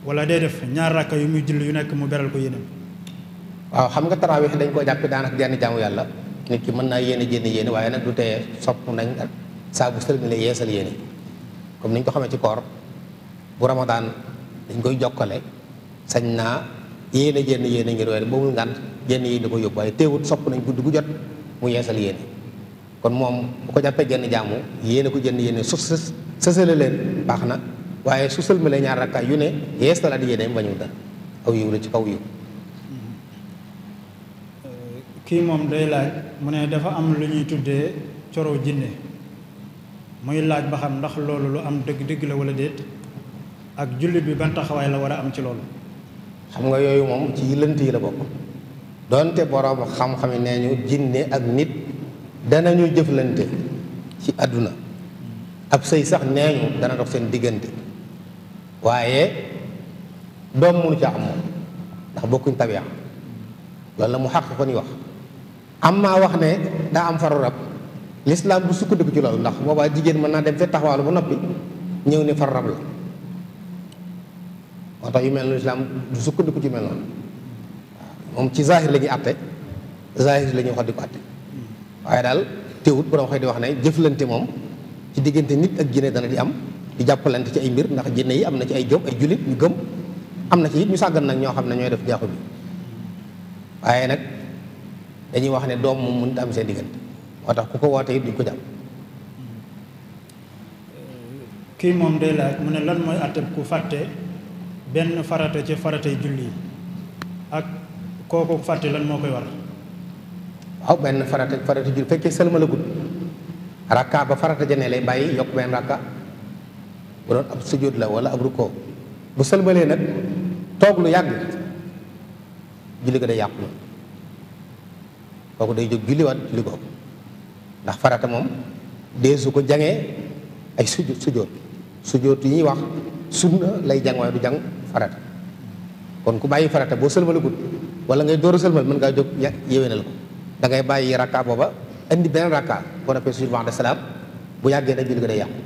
wala day def ñaar rakka yu muy julli yu nekk mu beral ko yéenam waaw xam nga tarawih dañ koo jàppe daanaka genn jaamu yàlla nit ki mën naa yéene jénn yéene waaye nag du teye sopp nañ ak saa bu sëlmale yeesal yéene comme niñ ko xamee ci koor bu ramadaan dañ koy jokkale sañ naa yéene jénn yéene ngir weer boobul ngànt jénn yi da ko yóbbu waaye teewut sopp nañ guddi gu jot mu yéesal yéene kon moom bu ko jàppee genn jaamu yéene ko jënd yéene suuf sës sësale leen baax na waaye su sëlmalee ñaar rakkaay yu ne yees talaat yéeneem bañu dara aw yiw la ci aw yiw euh, kii moom day laaj mu ne dafa am lu ñuy tuddee coro jinne muy laaj ba xam ndax loolu lu am dëgg-dëgg la wala déet ak jullit bi ban taxawaay la war a am ci loolu xam nga yooyu moom ci lënt yi la bokk doonte borom xam-xam nee ñu jinne ak nit danañu jëflante ci àdduna ab sëy sax nee ñu dana dox seen diggante waaye doom mënu ca am ndax bokkuñ tabiya loolu la mu xàq ko ni wax am maa wax ne daa am faru rab lislaam bu sukkandiku ci loolu ndax boobaa jigéen mën naa dem fee taxawaalu ba noppi ñëw ni faru rab yu mel noonu sukkandiku ci mel moom ci zahir la ñuy àtte zahir la ñuy ko àtte waaye daal teewut borom xëy di wax ne jëflante moom ci diggante nit ak jinne dana di am di jàppalante ci ay mbir ndax jinne yi am na ci ay jom ay jullit ñu gëm am na ci it ñu sàggan nag ñoo xam ne ñooy def jaaxu bi waaye nag dañuy wax ne doom moom mënut am seen diggante moo tax ku ko woote it duñ ko jàpp kii moom day laaj mu ne lan mooy àttab ku fàtte benn farata ci faratay julli yi ak kooku fàtte lan moo koy war waaw benn farata farata julli fekkee sëlma la gudd rakka ba farata ja lay bàyyi yokk benn rakka bu doon ab sujjóot la wala ab rukkoo bu sëlmalee nag toog lu yàgg julli ko day yàqu kooku day jóg julliwaat julli ko ndax farata moom dee su ko jangee ay sujjóot sujjóot sujjóot yi ñuy wax sunna lay jang waaye du jang farata kon ku bàyyi farata boo sëlmalagut wala ngay door a sëlmal mën ngaa jóg yéwénal ko da ngay bàyyi rakka booba indi benn rakka boo noppee sujjóot ba'da salaam bu yàggee nag julli ko day yàqu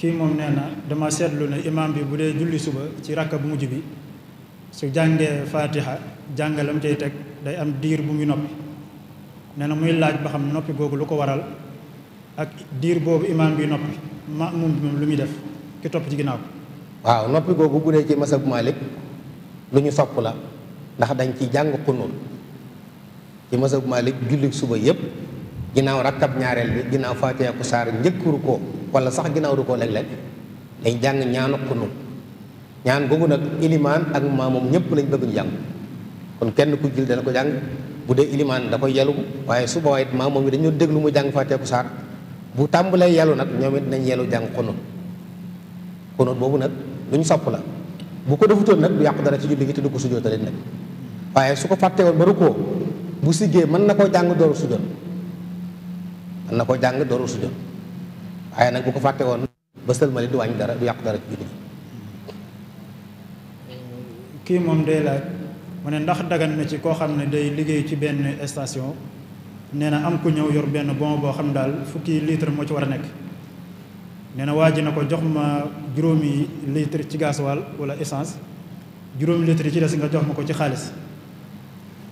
kii moom nee na dama seetlu ne imaam bi bu dee julli suba ci rakka bu mujj bi su jàngee fatiha jàngalam cay teg day am diir bu muy noppi nee na muy laaj ba xam noppi googu lu ko waral ak diir boobu imaam bi noppi maamum bi moom lu muy def ki topp ci ginnaaw waaw noppi googu bu ci masab Malik lu ñu sopp la ndax dañ ci jàng xunóol ci masab Malik julli suba yépp ginnaaw rakkab ñaareel bi ginnaaw fatiha ku saar njëkkuru ko wala sax ginnaaw du koo léeg-léeg jàng ñaanu xunu ñaan googu nag ilimaan ak maamoom ñëpp lañ bëgg ñu jàng kon kenn ku jil dana ko jàng bu dee ilimaan da koy yelu waaye su waaye it maamoom yi dañoo déglu mu jàng fàtteeku saar bu tàmbalee yelu nag ñoom it nañ yelu jàng xunut xunut boobu nag luñ sopp la bu ko defutoon nag du yàqu dara ci julli gi te du ko sujjóotale nag waaye su ko fàttee woon ba rukkoo bu siggee man na koo jàng dooru na koo jàng dooru sujjóot waaye nag bu ko fàtte woon ba sëlmali du wàññi dara du yàqu dara kii moom day laaj mu ne ndax dagan na ci koo xam ne day liggéey ci benn station nee na am ku ñëw yor benn bon boo xam daal fukki litre moo ci war a nekk nee na waa ji na ko jox ma juróomi litre ci gasoil wala essence juróomi litre yi ci des nga jox ma ko ci xaalis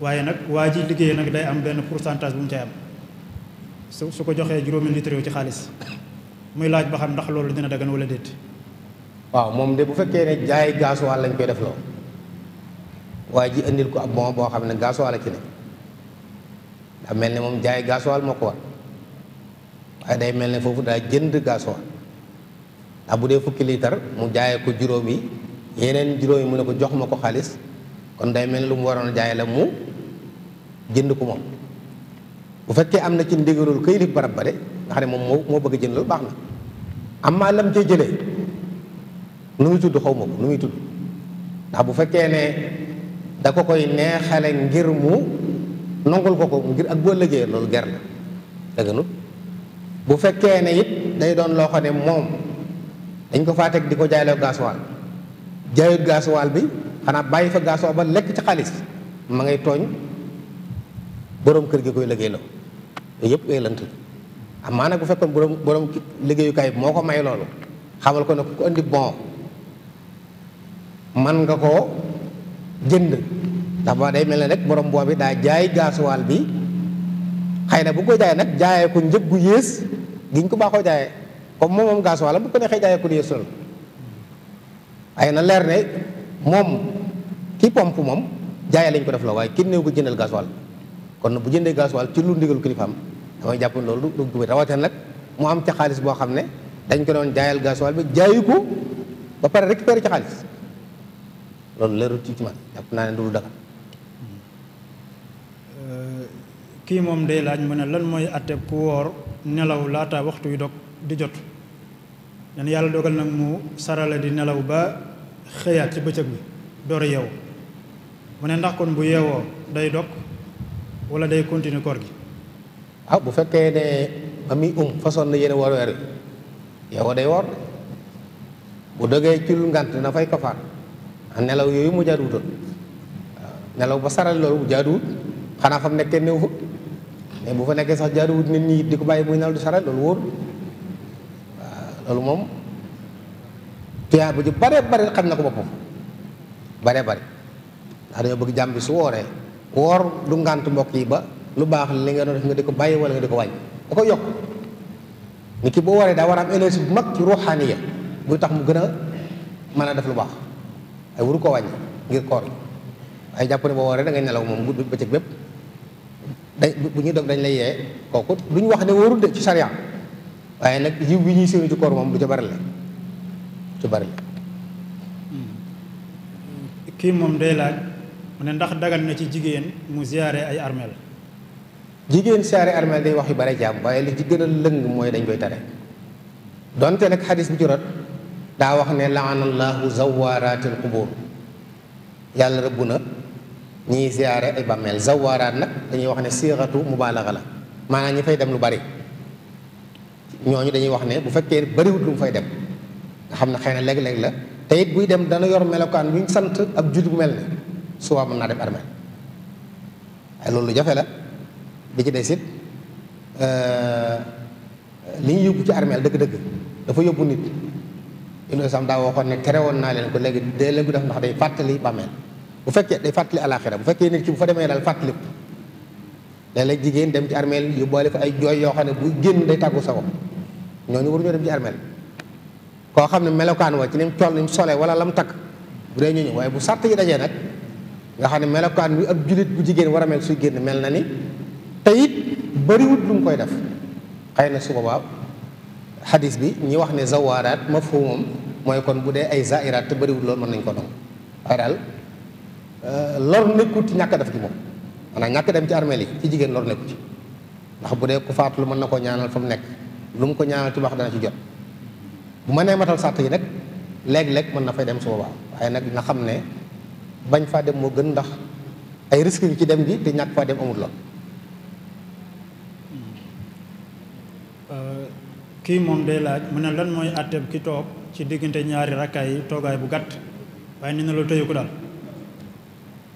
waaye nag waa ji liggéey nag day am benn pourcentage bu mu cay am su su ko joxee juróomi litre yow ci xaalis muy laaj ba xam ndax loolu dina dagan wala déet. waaw moom de bu fekkee ne jaay gaasuwaal lañ koy def loo waaye ji indil ko ab bon boo xam ne gaasuwaal la ci ne mel ne moom jaay gaasuwaal moo ko war waaye day mel ne foofu daa jënd gaasuwaal ndax bu dee fukki liitar mu jaaye ko juróom yi yeneen juróom yi mu ne ko jox ma ko xaalis kon day mel ne lu mu waroon a jaay la mu jënd ko moom. bu fekkee am na ci ndigalul këyilif barab ba de nga xam ne moom moo moo bëgg a jënd loolu baax na am maa lam cee jëlee nu muy tudd xaw ma ko nu muy tudd ndax bu fekkee ne da ko koy neexale ngir mu nongul ko ko ngir ak boo liggéey loolu ger la dëgganut bu fekkee ne it day doon loo xam ne moom dañ ko faa teg di ko jaayloo gasoil jaayut gasoil bi xanaa bàyyi fa gasoil ba lekk ci xaalis ma ngay tooñ boroom kër gi koy liggéeyloo yëpp wéelant la amaa nag bu fekkoon borom borom liggéeyukaay moo ko may loolu xamal ko ne ku andi bon man nga koo jënd ndax ba day mel ne rek borom boo bi daa jaay gaasuwaal bi xëy na bu ko jaayee nag jaayee ko njëg gu yées giñ ko baaxoo jaayee comme moom moom gaasuwaalam bu ko neexee jaayee ko yées loolu ay na leer ne moom ki pompe moom jaayee lañ ko def la waaye kenn néew ko jëndal gaasuwaal kon bu jëndee gaasuwaal ci lu ndigal kilifaam dama jàpp loolu du dugg bi nak nag mu am ci xaalis bo xamne dañ ko don jaayal gasoil bi jaayu ko ba pare récupérer ci xaalis loolu leerul ci ci man jàpp na ne du lu dagal euh, kii moom day laaj mu ne lan moy atte ku wor nelaw laata waxtu yu dok di jot ñan yalla dogal nak mu sarale di nelaw ba xëyaat ci bëccëg bi door a yeewu mu ne ndax kon bu yewoo day dok wala day continuer koor gi ah bu fekkee ne ami um fason na yéen war weer wi yow ya day woor bu dogee ci lu ngànt na fay kafa nelaw yoyu mu jadu do nelaw ba saral loolu jadu xana xanaa fam nekkee néew fa mais bu fa nekke sax jadu wut nit ni diko baye bàyyi muy nelaw di saral loolu wor waaw mom tiya bu ju bare bare xam na ko boppam bare bare ndax dañoo bëgg jambi su woré wor du ngant mbokk yi ba lu baax li nga doon def nga di ko bàyyi wala nga di ko wàññi da ko yokk nit ki boo waree daa war a am énergie bu mag ci ruuxaaniya buy tax mu gën a mën a def lu baax ay wuru ko wàññi ngir koor waaye jàpp ne boo war da ngay nelaw moom guddi bëccëg bépp dañ bu ñuy dog dañ lay yee kooku ñu wax ne wóorul de ci sariya waaye nag yiw bi ñuy séenu ci koor moom du ca bari la du bari hmm. Hmm. kii moom day laaj mu ne ndax dagal na ci jigéen mu ziyaare ay armeel jigéen saari armeel day wax yu bare jàmm waaye li ci gën a lëng mooy dañ koy tere donte nag xadis bi ci rot daa wax ne laanallahu zawaraatil qubur yàlla rëbb na ñiy ziyaare ay bàmmeel zawaraat nag dañuy wax ne siixatu mubaalaxa la maanaam ñi fay dem lu bari ñooñu dañuy wax ne bu fekkee bariwut lu mu fay dem nga xam ne xëy na léeg la te buy dem dana yor melokaan bu ñu sant ak jullit bu mel ne suba mën naa dem armeel loolu jafe la bi ci des it euh, li ñu yóbbu ci armeel dëgg-dëgg dafa yóbbu nit indi sam daa waxoon ne tere woon naa leen ko léegi de leen ko def ndax day fàttali bàmmeel bu fekkee day fàttali alaxira bu fekkee nit ki bu fa demee daal fàttali ko léeg-léeg jigéen dem ci armeel yóbbaale ko ay jooy yoo xam ne bu génn day tàggu sa ko ñooñu waruñoo dem ci armeel koo xam ne melokaan wa ci ni mu toll solee wala la mu takk bu dee ñooñu waaye bu sàtt yi dajee nag nga xam ne melokaan bi ab jullit bu jigéen war a mel suy génn mel na ni te it bëriwut lu mu koy def xëy na su boobaa bi ñi wax ne zawaaraat ma foo moom mooy kon bu dee ay zairaat te bëriwut loolu mën nañ ko doon waaye daal euh, lor nekkul ñàkk def ci moom maanaam ñàkk dem ci armeel yi jigéen lor nekku ci ndax bu dee ku faatu lu mën na koo ñaanal fa mu nekk lu mu ko ñaanal ci wax dana ci jot bu ma nee matal sàtt yi nag léeg lekk mën na fay dem su boobaa waaye nag na xam ne bañ faa dem moo gën ndax ay risques yu ci dem bi te ñàkk faa dem amul lool fii moom day laaj mu ne lan mooy àtteeb ki toog ci diggante ñaari rakkaay yi toogaay bu gàtt waaye ni na loolu tëyu ko daal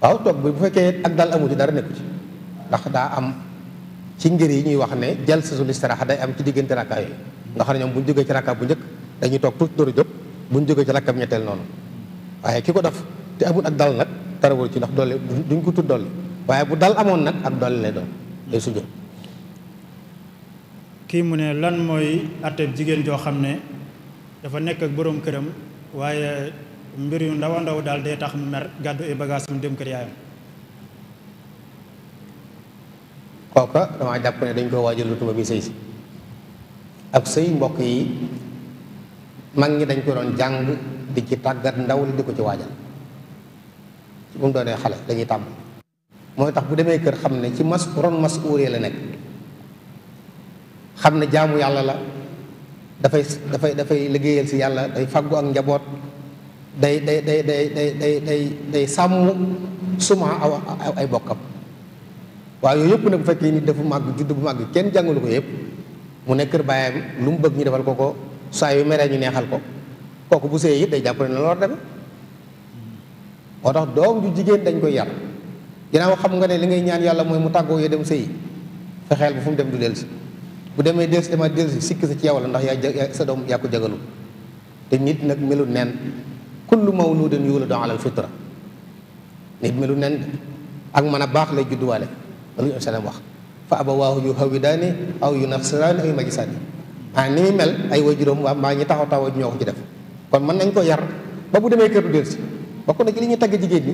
waaw toog bi bu fekkee ak dal amu ci dara nekku ci ndax daa am ci ngir yi ñuy wax ne jalsatul istiraha day am ci diggante rakkaay yooyu nga xam ne ñoom bu ñu jógee ci rakkaab bu njëkk dañuy toog tuuti dóoru jóg bu ñu jógee ci rakkaab ñetteel noonu waaye ki ko def te amul ak dal nag tarawul ci ndax doole duñ ko tudd doole waaye bu dal amoon nag ak doole lay doon day sujjóot ki mu ne lan moy atteb jigen jo xamne ne dafa nek ak borom këram waye mbir yu ndaw ndaw dal day tax mu mer gaddu e bagage mu dem kër yaayam kooka dama japp ne dañ ko wajjal lu tuba bi sey ak sey mbokk yi mag ñi dañ ko doon jàng di ci tàggat ndaw li di ko ci waajal bu mu doonee xale dañuy tàmm mooy tax bu demee kër xam ne ci mas ron mas uuree la nekk xam ne jaamu yàlla la dafay dafay dafay liggéeyal si yàlla day fàggu ak njaboot day day day day day day day day sàmm suma aw ay bokkam waaye yooyu yëpp nag bu fekkee nit dafa màgg judd bu màgg kenn jàngalu ko yépp mu nekk kër baayam lu mu bëgg ñu defal ko ko saa yu meree ñu neexal ko kooku bu sëy it day jàpp ne loolu deme moo tax doom ju jigéen dañ koy yar ginnaaw xam nga ne li ngay ñaan yàlla mooy mu tàggoo yo dem sëy fexeel bu fu mu dem du dellu si bu demee delsi dama delsi sikki sa ci yow la ndax yaa ya, sa doom yaa ko jagalu te nit nag melu nen kullu mawludin yuladu ala alfitra nit melu nen ak mana a baax lay judduwaale eh. loolu ñu salaam wax fa abawahu yuhawidani aw yu aw yu mel ay wajurum wa ma maa ñi taxaw taw ñoo ko ci def kon man nañ ko yar ba bu demee kër du delsi bokk na ci li ñu tagge jigéen ni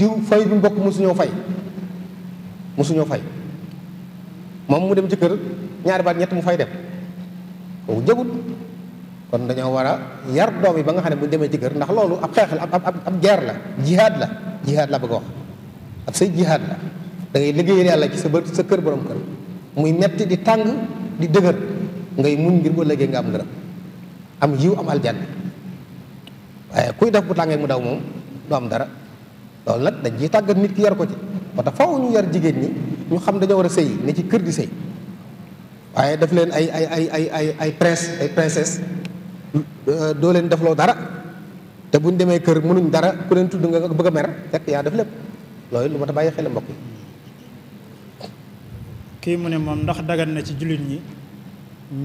diw fay bu mbokk musuñu fay musuñu fay mom mu dem ci kër ñaari baat ñett mu fay dem kooku jëgut kon dañu wara yar doomi ba nga xam bu demé ci kër ndax loolu ab xexal ab ab ab jaar la jihad la jihad la bëgg wax ab sey jihad la da ngay liggéeyal yalla ci sa bër sa kër borom kër muy metti di tang di dëgër ngay muñ ngir bo liggéey nga am dara am yiw am aljanna waaye kuy def bu tangé mu daw mom do am dara loolu nak dañ ci tàggat nit ki yar ko ci ba tax faw ñu yar jigéen ñi ñu xam dañoo war a sëy ne ci kër di sëy waaye daf leen ay ay ay ay ay ay prince ay princesse euh, doo leen defloo dara te buñ demee kër mënuñ dara ku leen tudd nga bëgg a mer fekk yaa def lépp loolu lu ma ta bàyyi xel mbokk yi kii mu ne moom ndax dagan na ci jullit ñi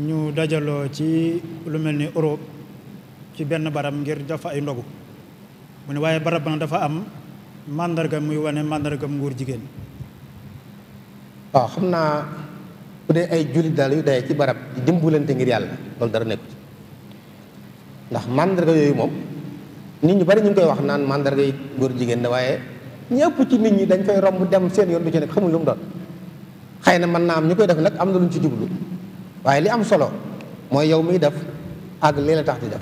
ñu dajaloo ci lu mel ni Europe ci benn barab ngir def ay ndogu mu ne waaye barab ba dafa am màndarga muy wane mu nguur jigéen waaw xam naa bu dee ay jullit daal yu dayee ci barab di dimbalante ngir yàlla loolu dara nekku ci ndax màndarga yooyu moom nit ñu bari ñu ngi koy wax naan màndarga yi góor jigéen la waaye ñëpp ci nit ñi dañ koy romb dem seen yoon du ci nekk lu mu doon xëy na mën naa am ñu koy def nag am na luñ ci jublu waaye li am solo mooy yow miy def ak lii la tax di def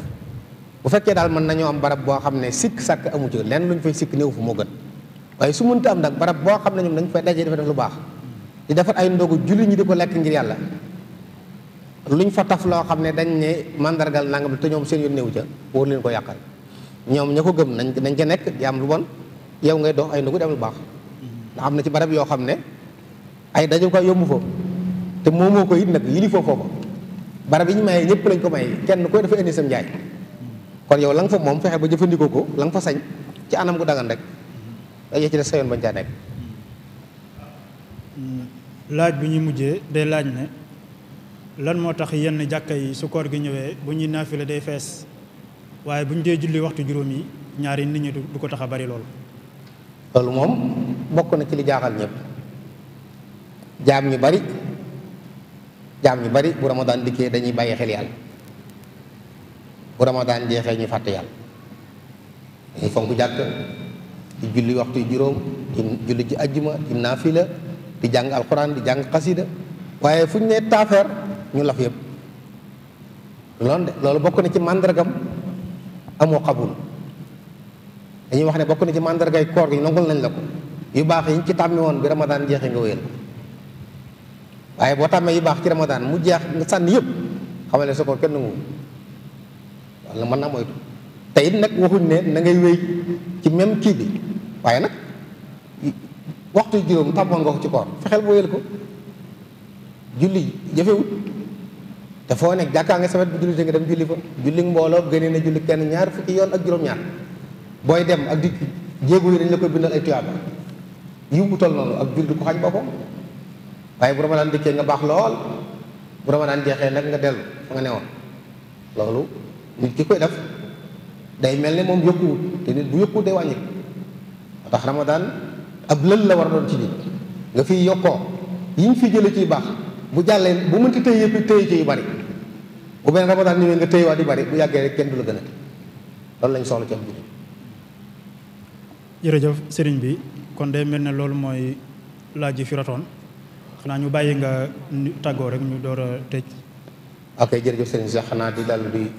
bu fekkee daal mën nañoo am barab boo xam ne sikk sàkk amu ci lenn luñ fay sikk néew fu moo gën waaye su mënta am nag barab boo xam ne ñoom dañ fay def lu baax di defar ay ndogu julli ñi diko lek ngir yalla luñ fa taf lo xamne dañ ne mandargal nangam te ñom seen yoon néew ja wor leen ko yakal ñom ñako gëm nañ nañ ca nek di am lu bon yow ngay dox ay ndogu di am lu bax da amna na ci barab yo xamne ay dañu ko yomb fo te momo ko yit nak yili fo foo ko barab yi ñu may ñepp lañ ko may kenn ko dafa indi sam jaay kon yow lang fa mom fexe ba jëfëndiko ko lang fa sañ ci anam gu dagan rek ay ci des sa yoon bañ caa nek Hmm. laaj bi ñuy mujjee day laaj ne lan moo tax yenn jàkka yi su koor gi ñëwee bu ñuy naafile day fees waaye bu ñu dee julli waxtu juróom yi ñaari nit ñi du ko tax a bari lool. loolu moom bokk na ci li jaaxal ñëpp jaam ñu bari jaam ñu bari bu ramadaan dikkee dañuy bàyyi xel yàlla bu ramadaan jeexee ñu fàtte yàlla dañuy fonk jàkk di julli waxtu juróom julli ci ajjuma di naafila di jang alquran di jang qasida waye fuñ né tafer ñu laf yëpp loolu de loolu bokku na ci màndargam amo qabul dañuy wax ne bokku na ci màndargay koor gi nangul nañ la ko yu bax yi ci tammi won bi ramadan jeexee nga wëyel waye bo tamé yu bax ci ramadan mu jeex nga sann yëpp xamalé ne sa koor kenn nanguwul wala man na moytu tayit nak waxuñ ne na ngay wëy ci même ki bi waye nak waxtu juróom tàmmoon nga ko ci koor fexeel boo yël ko julli jëfewut te foo nekk jàkkaa ngi sawet bu julli nga dem julli fa julli mbooloo gënee na julli kenn ñaar fukki yoon ak juróom-ñaar booy dem ak dikk jéegu yi dañ la koy bindal ay tuyaaba yiw bu noonu ak julli ko xañ boppam waaye bu ramadaan dikkee nga baax lool bu ramadaan jeexee nag nga dellu fa nga newoon loolu nit ki koy def day mel ni moom yokkuwut te nit bu yokkuwut day wàññi moo tax ab lël la war a doon ci nit nga fi yokkoo yiñ fi jële ciy baax bu jàllee bu mënti tëy yëpp tëy ci yu bari bu benn ramadaan ñëwee nga tëy waa di bari bu yàggee rek kenn du la gën a loolu lañ soxla ci am jullit jërëjëf sëriñ bi kon day mel ne loolu mooy laaj yi fi xanaa ñu bàyyi nga tàggoo rek ñu door a tëj ok jërëjëf sëriñ sax xanaa di dal di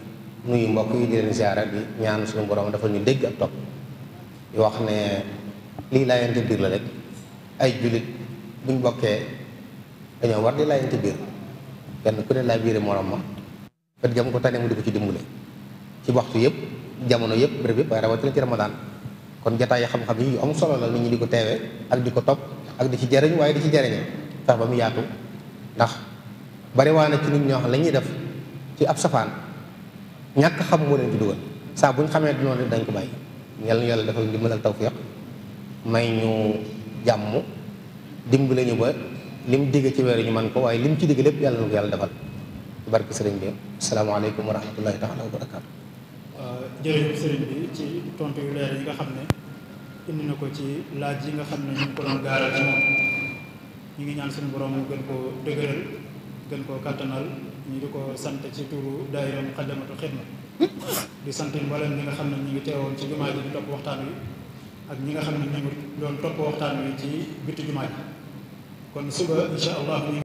muy mbokk yi di leen ziara bi ñaan suñu borom dafa ñu dégg ak topp di wax ne la yent bir la rek ay julit buñ bokké dañu war di yent bir kenn ku ne la biré morom ma pet gam ko tané mu diko ci dimbulé ci waxtu yépp jamono yépp bëb bi waaye rawatina ci ramadan kon jataay xam-xam yi am solo la nit ñi diko téwé ak di top ak di ci jariñ waye di ci jariñe tax ba mu yaatu ndax bari waana ci nit ñoo xam lañuy def ci ab safan ñak xam mo leen ci duggal sa buñ xamee noonu dañ ko bayyi yalla yalla dafa ndimbal tawfiq may ñu jàmm dimbale ñu ba lim digg ci weer ñu man ko waaye lim ci digg lépp yàlla na ko yàlla defal ci barke sëriñ bi asalaamaaleykum wa rahmatullahi taala wa barakaatu. bi ci tontu yu leer yi nga xam ne indi na ko ci laaj yi nga xam ne ñu ngi ko doon gaaral moom ñu ngi ñaan suñu borom gën koo dëgëral gën koo kattanal ñu di ko sant ci turu daayira Muqaddamatul Xidma di sant mboolem ñi nga xam ne ñu ngi teewoon ci jumaa ji di topp waxtaan wi. ak ñi nga xam ne ñu ngi doon topp waxtaan wi ci bitti jumaa ji kon suba incha allah.